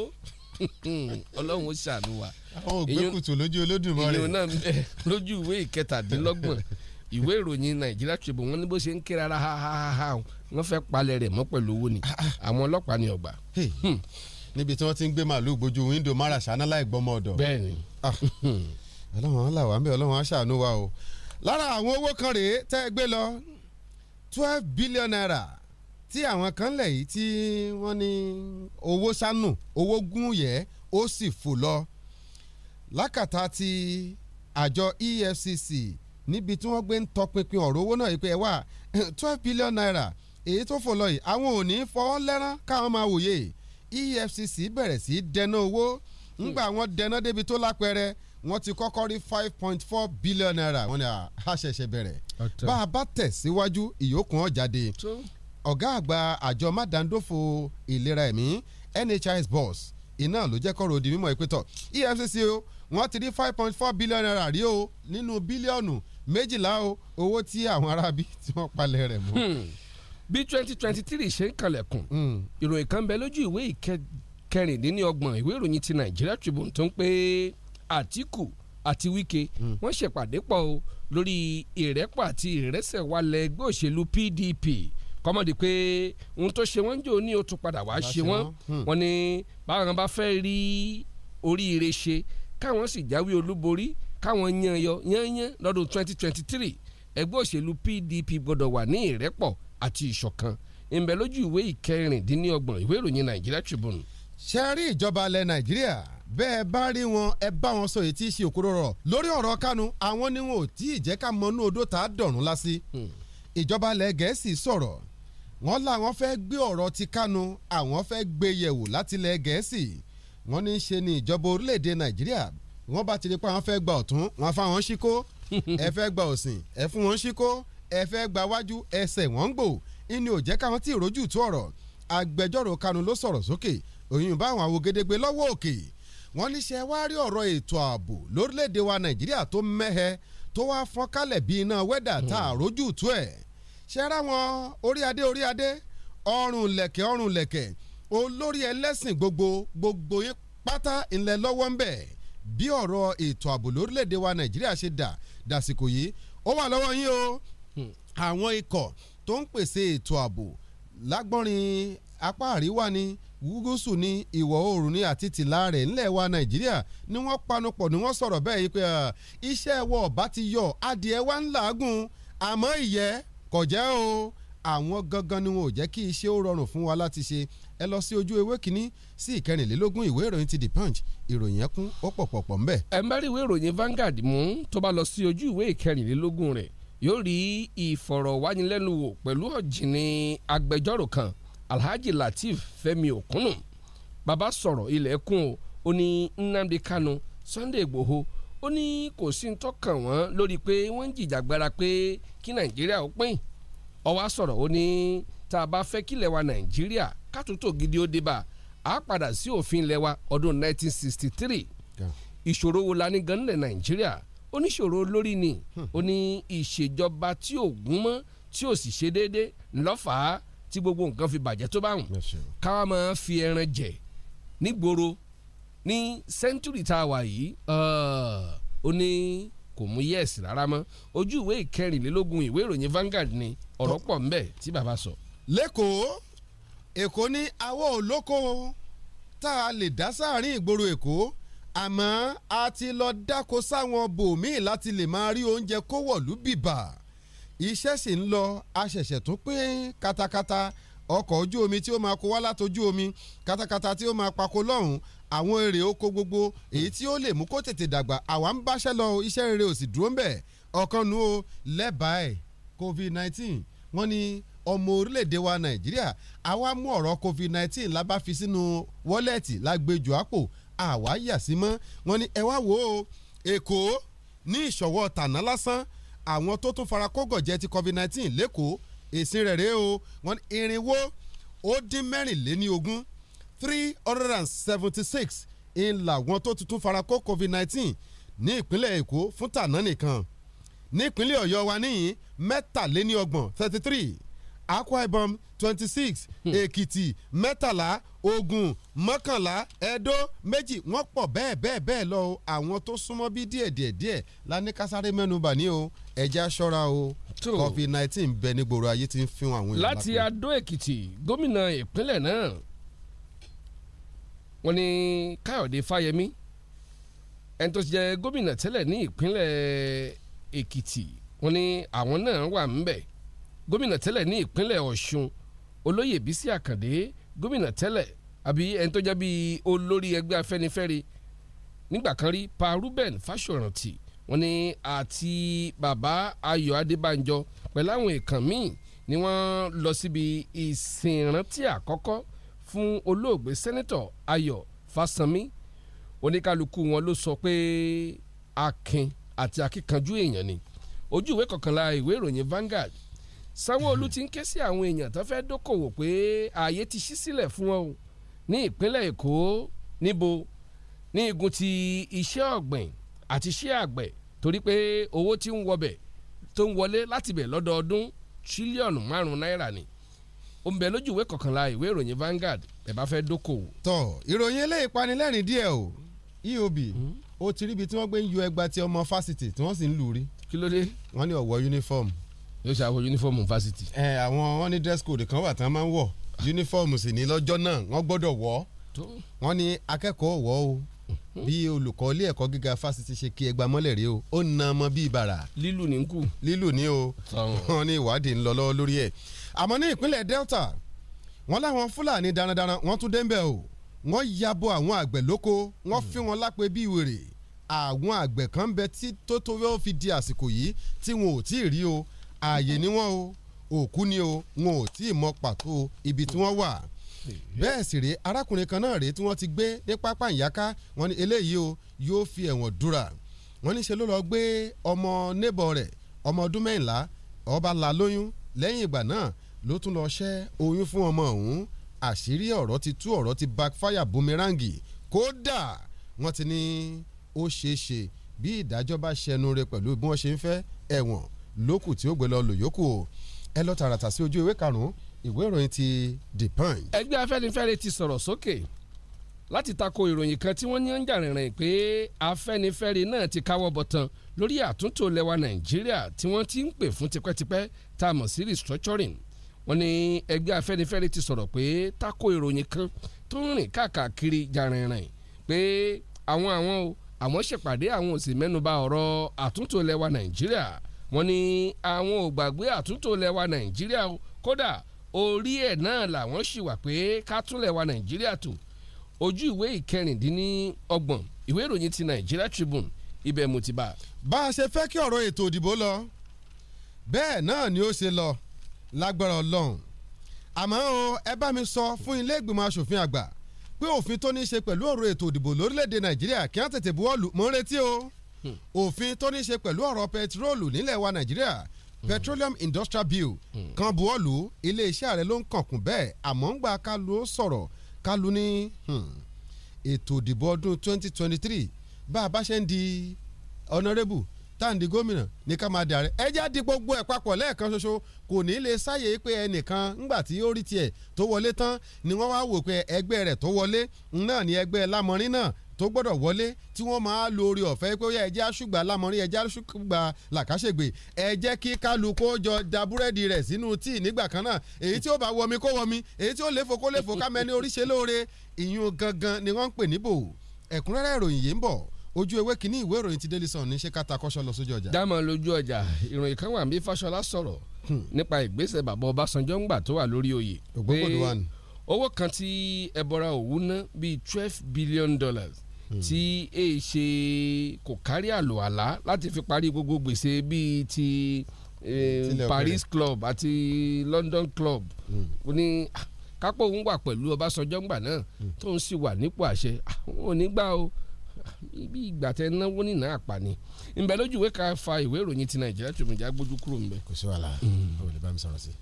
ọlọ́run ó ṣàánú wa. àwọn ògbékùtù lójú Olódùmarè ìyẹn náà bẹ lójú ìwé ìkẹtàdínlọ́gbọ̀n ìwé ìròyìn nàìjíríà tìbò wọn ní bó ṣe ń kérara ha ha ha ha wọn fẹ́ palẹ̀ rẹ̀ mọ́ pẹ̀lú owó ni ah, ah, ah. àwọn ọlọ́pàá ni ọgbà. Hmm. níbi tí wọ́n ti ń gbé màálù gbójú wíńdò máràṣánná láì gbọ́mọ ọ̀dọ̀. bẹ́ẹ̀ni hmm ọlọ́run là wá ń bẹ ọlọ́run á ṣàánú wa o lára àwọn owó kan rèé tẹ́ ẹ gbé lọ twelve billion naira tí àwọn kan lẹ̀ yìí tí wọ́n ní owó sánù owó gún yẹ ó sì fò lọ lákàtà ti àjọ EFCC níbi tí wọ́n gbé ń tọpinpin ọ̀rọ̀ owó náà yìí pé twelve billion naira èyí tó fò lọ yìí àwọn ò ní fọwọ́ lẹ́rán káwọn máa wòye EFCC bẹ̀rẹ̀ sí dẹná owó ńgbà wọn dẹná débi tó lápẹẹrẹ wọ́n ti kọ́kọ́ rí five point four billion naira wọ́n ní a ṣẹ̀ṣẹ̀ bẹ̀rẹ̀ bá a bá tẹ̀ síwájú ìyókùn ó jáde ọ̀gá àgbà àjọ mádàndófò ìlera ẹ̀mí NHIS boss iná ló jẹ́ kọ́rọ̀ òdì mímọ́ ìpẹ́tọ̀ EFCC o wọ́n ti rí five point four billion naira rí o nínú bílíọ̀nù méjìlá o owó tí àwọn arábí tí wọ́n palẹ̀ rẹ̀ mọ́. Hmm. bí twenty twenty three ṣe ń kalẹ̀kùn hmm. ìròyìn kan bẹ lójú ìwé ìkẹrìndínlọ́gbọ̀n ìwé ìròyìn ti Nigeria Tribune tó ń pè é Atiku, àti Wike hmm. wọ́n ṣèpàdé pọ̀ o lórí ìrẹ́pọ̀ àti ìrẹsẹ̀ wálẹ̀ ẹgbẹ́ òṣèlú PDP kọ́mọ̀dé pé ohun tó ṣe wọ́n ń jò ní o tún padà wá ṣe wọ́n hmm. wọ́n ní báwọn bá fẹ́ rí oríire ṣe káwọn sì jáwé olúborí káwọn yan yọ yányán lọ́dún twenty twenty three ẹgbẹ́ òṣèlú PDP gbọ́dọ̀ wà ní ìrẹ́pọ̀ àti ìṣọ̀kan ìbẹ̀ ìwé ìkẹrìndínlọ́gbọ̀n ìwé ìròyìn Nigeria Tribune ṣe rí ìjọba alẹ́ nàìjíríà bẹ́ẹ̀ bá rí wọn ẹ bá wọn sọ èyí tí í ṣe òkúrò rọ̀ lórí ọ̀rọ̀ kánú àwọn ni wọn ò tí ì jẹ́ ká mọnú odò tá a dọ̀rùn lásì hmm. ìjọba alẹ́ gẹ̀ẹ́sì sọ̀rọ̀ wọ́n làwọn fẹ́ gbé ọ̀rọ̀ ti kánú àwọn fẹ́ gbé e yẹ̀wò látilẹ̀ gẹ̀ẹ́sì wọ́n ní í ṣe ní ìjọba orílẹ̀-èdè nàìjíríà wọ́n bá ti rí pé àwọn fẹ́ gba ọ̀tún wọ́n fáwọn ṣíkó ẹ fẹ́ gba òsìn ẹ fún wọn ṣíkó ẹ fẹ́ gba wájú ẹsẹ̀ wọ́n gbò ìní ò jẹ́ káwọn tí ì rójú ọ̀rọ̀ agbẹjọ́rò kanu ló sọ̀rọ̀ sókè okay òyìnbó bá àwọn àwògedegbe lọ́wọ́ òkè wọ́n ní ṣe wá rí ọ̀rọ̀ ètò ààbò lórílẹ̀‐èdè wa nàìjíríà tó mẹ́hẹ tó wá fọ́n kálẹ̀ bí iná wẹ́dà tá a hmm. rójú tú ẹ̀ ṣe ara wọn orí adé orí adé ọrùn lẹ̀kẹ̀ ọrùn lẹ̀kẹ̀ olórí ẹlẹ́sìn gbogbo gbogbo yín pátá ńlẹ̀ lọ́wọ́ ńbẹ̀ bí ọ̀rọ̀ ètò ààbò lórílẹ̀‐èdè wa nàìjíríà ṣe dà dàsìkò yìí ó wà lọ́wọ́ yín o hmm. àwọn ikọ̀ tó ń pèsè ètò ààbò lágbọ́nrin apá àríwá ni gúúsù ní ìwọ̀ oòrùn ní àti tìláàrẹ̀ ńlẹ̀ wa nàìjíríà ni wọ́n panupọ̀ ni wọ́n sọ̀rọ̀ bẹ́ẹ̀ yìí pé ah, iṣẹ́ wọ ọ̀bá ti yọ adìẹ wa ń làágùn àmọ́ ìyẹ́ kò jẹ́ o àwọn gangan ni wọn ò jẹ́ kí iṣẹ́ ó rọrùn fún wa láti ṣe ẹ lọ sí ojú ewé kínní sí ìkẹrìnlélógún ìwé ìròyìn ti the punch ìròyìn yẹn kún ó pọ̀ pọ̀pọ̀ ńbẹ̀. ẹ ń bá rí ìwé ìròyìn Vanguard mú tó bá lọ sí ojú ìwé ìkẹrìnlélógún rẹ̀ yóò rí ìfọ̀rọ̀wánilẹ́nuwò pẹ̀lú ọ̀jìnì agbẹjọ́rò kan Alhaji latif femi okunu baba sọrọ ilẹ̀kùn o ó ní Nnamdi Kanu Sunday Igboho ó ní kò sí ń tọkàn wọn lórí pé wọ́n ń jìjàgbara pé kí Nàìjíríà ó pín ó ní tá a bá fẹ́ gidi ó débà á padà sí òfin ilẹ̀ 1963 ìṣòro wo la ní gan nílẹ̀ Nàìjíríà oníṣòro lórí ni hmm. ó ní ìṣèjọba tí ò gún mọ́ tí ò sì ṣe déédéé tí gbogbo nǹkan fi bàjẹ́ tó bá wùn káwa máa fi ẹran jẹ nígboro ní sẹ́ńtúrì tá a wà yìí uh, ó ní kò mú yẹ́ẹ̀sì rárá mọ́ ojú ìwé ìkẹrìnlélógún ìwé ìròyìn Vanguard ni ọ̀rọ̀ pọ̀ ńbẹ tí bàbá sọ. lẹ́kọ̀ọ́ èkó ní awọ́ olóko tá a lè dá sáàrin ìgboro èkó àmọ́ a ti lọ dáko sáwọn bòmíì láti lè máa rí oúnjẹ kó bìbà iṣẹ́ sì ń lọ aṣẹ̀ṣẹ̀ tún pín katakata ọkọ̀ ojú omi tí ó máa kó wá látojú omi katakata tí ó máa pako lọ́hùn àwọn èrè oko gbogbo èyí tí ó lè mú kó tètè dàgbà àwa ń báṣẹ́ lọ iṣẹ́ rere ò sì dúró ń ọ̀kan nu o lẹ́bàá ẹ̀ covid-19 wọ́n ní ọmọ orílẹ̀-èdè wa nàìjíríà àwa mú ọ̀rọ̀ covid-19 la bá fi sínú wọ́lẹ̀tì la gbẹjọ àpò àwa yà sí mọ́ wọ́n ní ẹ wá wò ó èkó ní ìṣọ̀wọ́ tàná lásán àwọn tó tún fara kógọ̀jẹ́ ti COVID-19 lẹ́kọ̀ọ́ èsì rẹ̀ rèé o wọ́n irinwó ó dín mẹ́rìnléní three hundred and seventy six ń làwọn tó tuntun fara kó COVID-19 ní ìpínlẹ̀ Èkó fún tàná nìkan nípínlẹ̀ Ọ̀yọ́ wa níyìn mẹ́tàléní thirty three akwa ibom twenty six hmm. èkìtì mẹ́tàlá ogun mọ́kànlá edo méjì wọ́n pọ̀ bẹ́ẹ̀ bẹ́ẹ̀ bẹ́ẹ̀ lọ àwọn tó súnmọ́ bí díẹ̀ díẹ̀ díẹ̀ la ní kásáré mẹ́nuba ní o ẹ̀já ṣọ́ra o covid nineteen bẹ ní gbòòrò ayé ti ń fi àwọn èèyàn lápẹ́. láti adó èkìtì gómìnà ìpínlẹ̀ náà wọ́n ní káyọ̀dé fáyemí ẹni tó ti jẹ gómìnà tẹ́lẹ̀ ní ìpínlẹ̀ èkìtì wọ́n ní àwọn náà wà ń bẹ̀ẹ́ gómìnà tẹ́lẹ̀ ní ìpínlẹ̀ ọ̀ṣun olóyè bísí àkàndé gómìnà tẹ́lẹ̀ àbí ẹni tó jẹ́ bíi olórí ẹgbẹ́ afẹ́nifẹ́re nígbà kan rí pa ruben fásórántì wọ́n ní àti bàbá ayọ̀ adébánjọ pẹ̀lú àwọn èèkàn míì ni wọ́n lọ síbi ìsìnrántí àkọ́kọ́ fún olóògbé sẹ́nẹ́tọ̀ ayọ̀ fásánmi oníkálukú wọn ló sọ pé akin àti akíkanjú èèyàn ni ojú ìwé kọkànlá ìwé ìròyìn Vanguard sanwó-olu ti ń ké sí àwọn èèyàn tó fẹ́ dókòwò pé ààyè ti ṣí sílẹ̀ fún wọn o ní ìpínlẹ̀ èkó níbo ní igun ti iṣẹ́ ọ̀gbìn àti iṣẹ́ àgbẹ̀ torí pé owó tí ń wọbẹ̀ tó ń wọlé láti bẹ̀ lọ́dọọdún tírílíọ̀nù márùn-ún náírà ni ó ń bẹ lójú kọkànlá ìwé ìròyìn Vanguard ẹ bá fẹ́ dókòwò. tọ ìròyìn eléyìí panilẹ́rìn díẹ̀ o EOB hmm? ó ti ríbi tí wọ́n gbé ń yọ ẹgba ti ọmọ fásitì tí wọ́n sì ń lù rí. kí ló dé. wọ́n ní ọ̀wọ́ uniform yóò ṣàwọ yunifọ́ọ̀mù fásitì. ẹ àwọn wọn ní dress code kan wà tán máa ń wọ yunifọ́ọ̀mù sì ní lọ́jọ́ náà wọ́n gbọ́dọ̀ wọ̀ ọ́ wọ́n ní akẹ́kọ̀ọ́ wọ̀ o bí olùkọ́ ilé ẹ̀kọ́ gíga fásitì ṣe kí ẹgbàá mọ́lẹ̀ rí o ó na ọmọ bíi bàrà. lílù ní kù. lílù ní o wọn ní ìwádìí ń lọ lọ́wọ́ lórí ẹ̀ àmọ́ ní ìpínlẹ̀ Delta wọ́n láwọn Fúlàní darandaran wọ́n tún dẹ́ńbẹ̀ o wọ́n yabo àwọn àgbẹ̀ lóko wọ́n fi wọn lápẹ́ bíi wèrè àwọn àgbẹ̀ kan bẹ tí tó tó yóò fi di àsìkò yìí tí wọn ò tí ì rí o ààyè ni wọ́n o òkú ni o wọn ò tí ì mọ pàtó ibi tí wọ́n wà bẹ́ẹ̀ sì rèé arákùnrin kan náà rèé tí wọ́n ti gbé ní pápá ìyáká wọn ni eléyìí o yóò fi ẹ̀wọ̀n dúra wọn ní ṣe ló lọ gbé ọmọ nébọ̀ rẹ̀ ọmọ ọdún mẹ́rìnlá ọba la lóyún lẹ́yìn ìgbà náà ló tún lọ ṣẹ́ oyún fún ọmọ ọ̀hún àṣírí ọ̀rọ̀ ti tú ọ̀rọ̀ ti backfire bumerangi kódà wọ́n ti ní ó ṣeé ṣe bí ìdájọ́ bá ṣẹnu rẹ̀ pẹ̀lú bí wọ́n ṣe ń fẹ́ ẹ̀wọ̀n lókù tí ó gbé lọ lò yókù ẹ lọ tààràtà sí ojú ìwé karùn-ún ìwé ìròyìn ti the punch. ẹgbẹ́ afẹ́nifẹ́re ti sọ̀rọ̀ sókè láti tako ìròyìn kan tí wọ́n ní ń jà rìnrìn pé afẹ́nifẹ́re náà ti káwọ́ bọ̀tán lórí àtúntò lẹwa nàìjíríà tí wọ́n ti ń pè fún tipẹ́tipẹ́ tá a mọ̀ sí restructuring wọ́n ní ẹgbẹ́ afẹ́nifẹ́re ti sọ̀rọ̀ pé tako ìròyìn kan tó ń rìn káàkiri jàrìnrìn pé àwọn àwọn àwọn ṣèpàdé àwọn òsì mẹ́nuba ọ̀rọ̀ àtúntò lẹwa nàìjíríà wọ́n ní àwọn ò gbàgbé àtúntò lẹwa nàìjíríà kódà orí ẹ̀ náà làwọn sì wà pé ká tún lẹwa nàìjíríà tò ojú ìwé ìkẹrìndínlọ́gbọ̀n ìwé ìròyìn ti Nigeria Tribune ibẹ̀ mo ti bá. bá a ṣe fẹ́ kí ọ̀rọ̀ ètò òdìbò lọ bẹ́ẹ̀ náà ni ó ṣe lọ lágbára ọlọ́run àmọ́ o ẹ bá mi sọ fún ilé ìgbìmọ̀ asòfin àgbà pé òfin tó ní í ṣe pẹ̀lú ọ̀rọ̀ ètò òdìbò lórílẹ̀‐èdè Nàìjíríà kí wọ́n tètè buwọ́lù mò retí o òfin tó ní ṣe pẹ̀lú ọ̀rọ̀ pẹtiróòlù nílẹ̀ wa nàìjíríà hmm. petroleum industrial bill hmm. kan buọ́lù iléeṣẹ́ ààrẹ ló ń kànkùn bẹ́ẹ̀ àmọ́ ń gba kálu ó sọ̀rọ̀ kálu ní hmm. ètò ìdìbò ọdún 2023 bá a bá ṣe ń di honourable táǹdì gómìnà ní ká máa dàrẹ ẹ já di gbogbo ẹ papọ̀ lẹ́ẹ̀kan ṣoṣo kò ní lè sáyè pé ẹnìkan ńgbà tí ó rí tiẹ̀ tó wọlé tán ni wọ́n wá wò pé ẹgbẹ́ rẹ̀ tó wọlé náà ni ẹgbẹ́ lámọrin náà tó gbọ́dọ̀ wọlé tí wọ́n máa lo orí ọ̀fẹ́ pé ó yẹ ẹjẹ́ àṣùgbà lámọ̀rí ẹjẹ́ àṣùgbà làkàṣègbè ẹ jẹ́ kí kálukó jọ da búrẹ́dì rẹ̀ sínú tíì nígbà kan náà èyí tí ó bá wọmi kó wọmi èyí tí ó léfo kó léfo kámẹ́ni oríṣi lóore ìyún gangan ni wọ́n ń pè níbò ẹ̀kúnrẹ́rẹ́ ìròyìn yìí ń bọ̀ ojú ewé kínní ìwé ìròyìn ti Daily Sun ní ṣe káta kọ́ṣọ́ lọ sójú ọjà. dámọ̀ lójú ọjà ìròyìn kan wà bí Fáṣọlá sọ̀rọ̀ hmm. nípa ìgbésẹ̀ bàbá Ọbásanjọ́ ńgbà tó wà lórí oyè. ògbóngbòdò wa ni. owó kan tí ẹbọra òwú ná bíi twelve billion dollars Hmm. tí èyí ṣe kò kárí àlò àlá láti fi parí gbogbo gbèsè bíi ti eh, Paris club àti London club hmm. ní ah, kápò ń wà pẹ̀lú Ọbásanjọ́ ńgbà náà hmm. tó ń sì wà nípò àṣẹ àwọn ah, onígbà o ibi ìgbà tẹ náwó nínú àpá ni ìbẹ̀ lójú ìwé ká fa ìwé ìròyìn ti Nàìjíríà tó mi já gbójú kúrò ńbẹ̀. kò sí wàhálà o lè bá mi sọ̀rọ̀ sí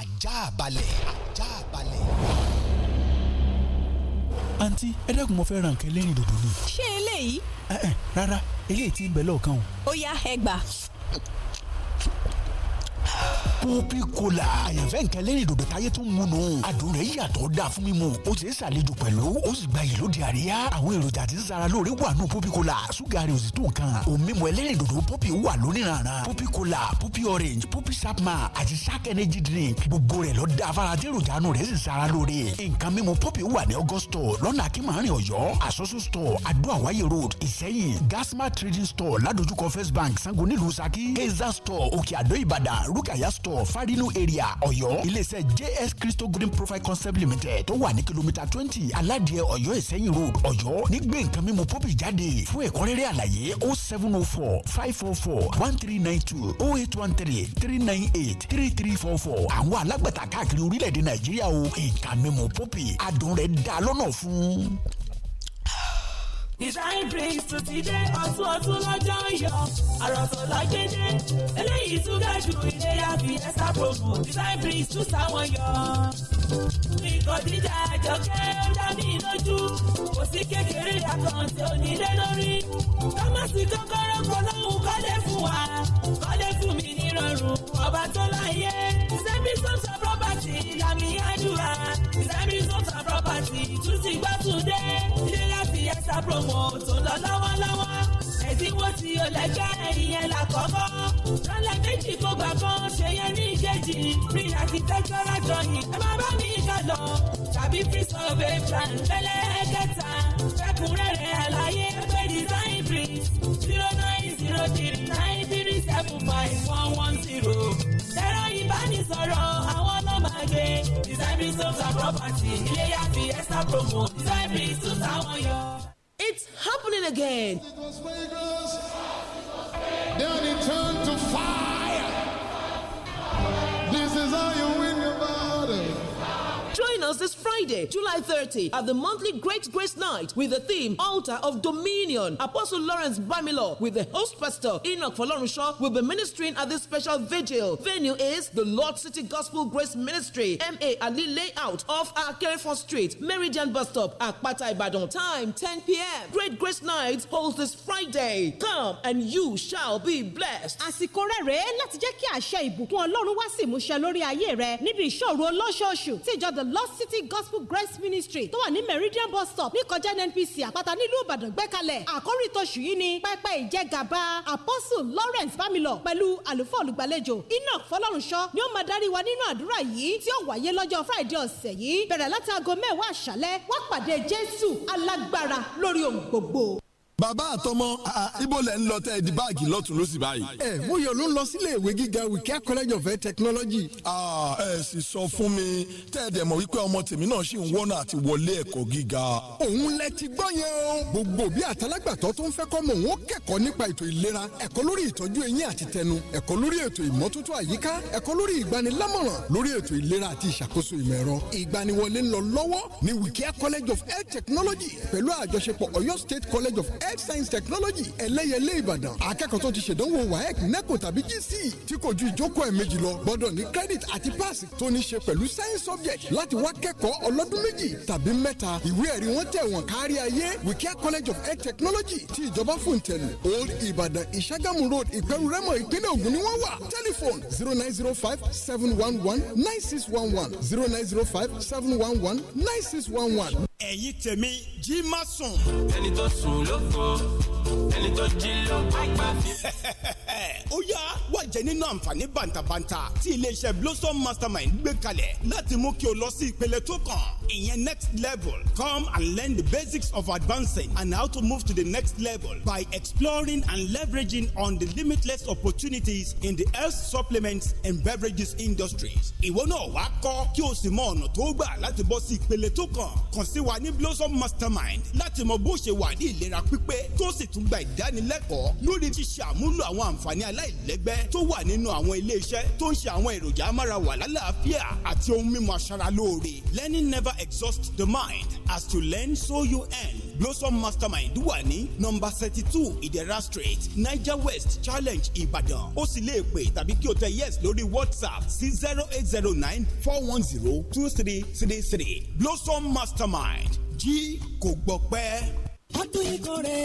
ajá balẹ̀ ajá balẹ̀ àǹtí ẹ dẹ́kun mo fẹ́ ra nǹkan ẹlẹ́rìn dòdò ni. ṣé eléyìí. Eh, eh, rárá eléyìí ti ń bẹ lọ́ọ̀kan o. ó yá ẹ gbà kópì kola àyànfẹ́ nǹkan lẹ́yìn dòdò táyé tó ń múnú adùn rẹ̀ yàtọ̀ dáa fún mímu ó ti ń ṣàlejò pẹ̀lú ó sì gba yìí lóde àríyá àwọn èròjà tí ń ṣara lóore wà nù pọ́pì kola ṣúgà rẹ̀ ò sì tó nǹkan òun mímu ẹlẹ́rìn dòdò pọ́pì wà lóníranran pọ́pì kola pọ́pì orange pọ́pì sapma àti shark energy drink gbogbo rẹ̀ lọ da afárá tí èròjà nù rẹ̀ sì ṣara lóore nǹkan mímu pọ́pì wà ní augusto lọ́nà akínmọ́rin ọ̀yọ́ àsọ́sọ́ store store farinu area ọ̀yọ́ iléeṣẹ́ js crystal green profile concept limited tó wà ní kìlómítà twenty aládìẹ ọ̀yọ́ ìsẹ́yìn road ọ̀yọ́ nígbé nǹkan mímu pọ́bì jáde fún ẹ̀kúnrẹ́rẹ́ àlàyé o oh seven o oh four five four four one three nine two o oh eight one three three nine eight three three four four àwọn alágbàtà káàkiri orílẹ̀-èdè nàìjíríà o nǹkan mímu pọ́bì adùn rẹ̀ dá lọ́nà fún. design brings to ti dé ọ̀tún ọ̀tún lọ́jọ́ ń yọ àròsọ lágbèdè eléyìí tún ga jù ìlera fiesta promo design brings tún sáwọn yọ. nǹkan jíjà àjọkẹ́ ó dá mi lójú kò sí kékeré àkàǹtì onílé lórí kámásì kọ́kọ́rọ́ polówó kọ́lé fún wa kọ́lé fún mi nírọ̀rùn ọba tó láyé sẹ́mi sọ́sọ́ property làmì àdúrà sẹ́mi sọ́sọ́ property tún ti gbọ́ tún dé ilé ẹ̀sà promo tó lọ lọ́wọ́lọ́wọ́ ẹ̀dínwó tí o lè jẹ́ ìyẹn lọ́lẹ̀ méjì kó gbà kan ṣe yẹn ní ìkejì free architectural drawing ẹ má bá mi kà lọ tàbí free survey plan tẹ́lẹ̀ ẹ̀kẹta fẹ́kúnrẹ́rẹ́ àlàyé pé design bricks zero nine zero three nine three seven five one one zero ẹ̀rọ ìbánisọ̀rọ̀ àwọn ọlọ́màgbé design bricks homes and property ilé yàtì ẹ̀sà promo design bricks tún táwọn yọ. It's happening again. It was fragrance. Then it turned to fire. This is how you us this Friday, July 30, at the monthly Great Grace Night with the theme Altar of Dominion. Apostle Lawrence Bamilo with the host pastor Enoch Folorunshaw will be ministering at this special vigil. Venue is the Lord City Gospel Grace Ministry, MA Ali Layout off Akerefon Street, Meridian Bus Stop, Akpata Ibadan. Time 10 p.m. Great Grace Night holds this Friday. Come and you shall be blessed. Àsìkò rẹ̀ rèé láti jẹ́ kí àṣẹ ìbùkún Ọlọ́run wá sí ìmúṣẹ lórí ayé rẹ̀ níbi ìṣòro olóṣooṣù tíjọ the Lord city gospel grace ministry tó wà ní meridian bus stop níkọjá nnpc àpáta nílùú ìbàdàn gbẹ́kalẹ̀ àkórí tóṣù yìí ni pẹpẹ ìjẹgàba apostle lawrence bamilọ pẹ̀lú àlùfọ́ olùgbàlejò enoch fọlọ́runṣọ́ ni ó máa darí wa nínú àdúrà yìí tí ó wáyé lọ́jọ́ friday ọ̀sẹ̀ yìí bẹ̀rẹ̀ láti aago mẹ́wàá àṣálẹ́ wá pàdé jésù alágbára lórí ohun gbogbo bàbá àtọmọ ibo lẹ ń lọ tẹ di báàgì lọtún lọsí báyìí. ẹ mo yọ ló ń lọ sílé ìwé gíga Wike college of air technology. ẹ sì sọ fún mi tẹ́ ẹ dẹ̀ mọ̀ wípé ọmọ tèmi náà ṣì ń wọ́nà àti wọlé ẹ̀kọ́ gíga. òun lẹ ti gbọ́ yẹn o. gbogbo bí àtàlágbàtọ́ tó ń fẹ́ kọ́ mọ̀ òun ó kẹ́kọ̀ọ́ nípa ètò ìlera ẹ̀kọ́ lórí ìtọ́jú eyín àti tẹnu ẹ̀kọ́ lórí ètò ìmọ́tótó àyíká ẹ̀kọ́ lórí ìgbanilámọ̀ràn lórí ètò ìlera àti ìṣàkóso college of air technology pẹ̀lú àjọṣepọ̀ Ọ̀yọ́ state college of health science technology ẹlẹ́yẹlé ìbàdàn akẹ́kọ̀ọ́ tó ti ṣèdánwò waec neco tàbí gc tí kò ju ìjókòó ẹ̀ méjì lọ gbọ́dọ̀ ní credit àti pass tó ní ṣe pẹ̀lú science subject láti wá kẹ́kọ̀ọ́ ọlọ́dún méjì tàbí mẹ́ta ìwé ẹ̀rí wọn tẹ̀ wọ́n kárí ayé wikea college of health technology ti ìjọba fòǹtẹ̀lù old ìbàdàn ìṣàgámù road ìpẹ̀rù rẹ́mọ̀ ìpínlẹ̀ ògùn ni wọ́n wà telephone zero nine zero five seven one one nine six one one zero nine zero five seven one one nine six one one. ẹ̀yin tèmi jí má sùn. ẹni tó sùn ló fi lóko ẹni tó jí ló gbàgbà fi. ó yá wá jẹ nínú àǹfààní bàǹtàbàǹtà tí iléeṣẹ́ Blossom Mastermind gbé kalẹ̀ láti mú kí o lọ sí ìpele tó kàn ìyẹn next level come and learn the basics of advancing and how to move to the next level by exploring and leveraging on the limitless opportunities in the health supplements and beverages industries. ìwọ náà wá kọ́ kí o sì mọ ọ̀nà tó gbà láti bọ́ sí ìpele tó kàn kàn sí wa ní Blossom Mastermind láti mọ bó ṣe wà ní ìlera pípé pípé tó sì tún gba ìdánilẹ́kọ̀ọ́ lórí ṣíṣe àmúlò àwọn àǹfààní aláìlẹ́gbẹ́ tó wà nínú àwọn iléeṣẹ́ tó ń ṣe àwọn èròjà amárawà lálàáfíà àti ohun mímu aṣaralóore learning never exhausts the mind as to learn so you earn blossom mastermind wà ní nọ́mbà thirty two ìdẹ̀ra street niger west challenge ìbàdàn ó sì lè pè tàbí kí o tẹ yes lórí whatsapp sí zero eight zero nine four one zero two three three three blossom mastermind jí kò gbọ́ pẹ́ ọdún ìkórè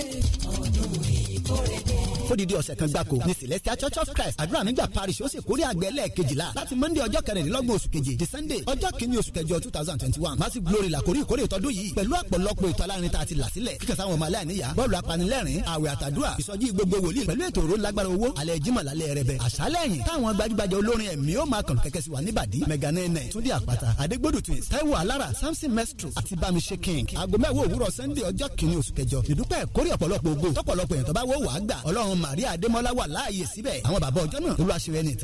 ọdún ìkórè dé fódìdí ọ̀sẹ̀ kan gbáko ní celestial church of christ àdúrà nígbà parish ó sì kórè àgbẹ̀ lẹ́ẹ̀kejìlá láti monday ọjọ́ kẹrìndínlọ́gbọ̀n oṣù keje The sunday ọjọ́ kìíní oṣù kẹjọ two thousand twenty one massive glory làkórí ìkórè tọdún yìí pẹ̀lú ọ̀pọ̀lọpọ̀ ètò alárin tá a ti là sílẹ̀ kíkà sáwọn ọmọ aláìníyá bọ́ọ̀lù apanilẹ́rìn àwẹ̀ àtàdúrà ìsọjí gbogbo wòlíì pẹ̀lú ètò òró lágbára owó alẹ́ jimọ̀ lálẹ́ rẹ̀ bẹ̀ àṣálẹ̀yìn táwọn gbajúgbajà olórin ẹ̀mí ó máa kàn kẹ̀kẹ́ sí wa níbàdí mẹ̀gánẹ́nẹ̀ túndé àpáta adégbòdù twins taiwo alára samson mestro àti bámiṣe king aago mẹ́wọ́ òwúrọ̀ sunday ọjọ́ kìíní oṣù kẹjọ ìdúpẹ́ kórè ọ̀pọ̀lọpọ̀ ògo tọ́pọ̀lọpọ̀ yẹn tó wo wò wá gbà ọlọ́run màríà adémọ́lá wà láàyè síbẹ̀ àwọn bàbá ọjọ́ náà olúwaṣẹ́rẹ́ nìta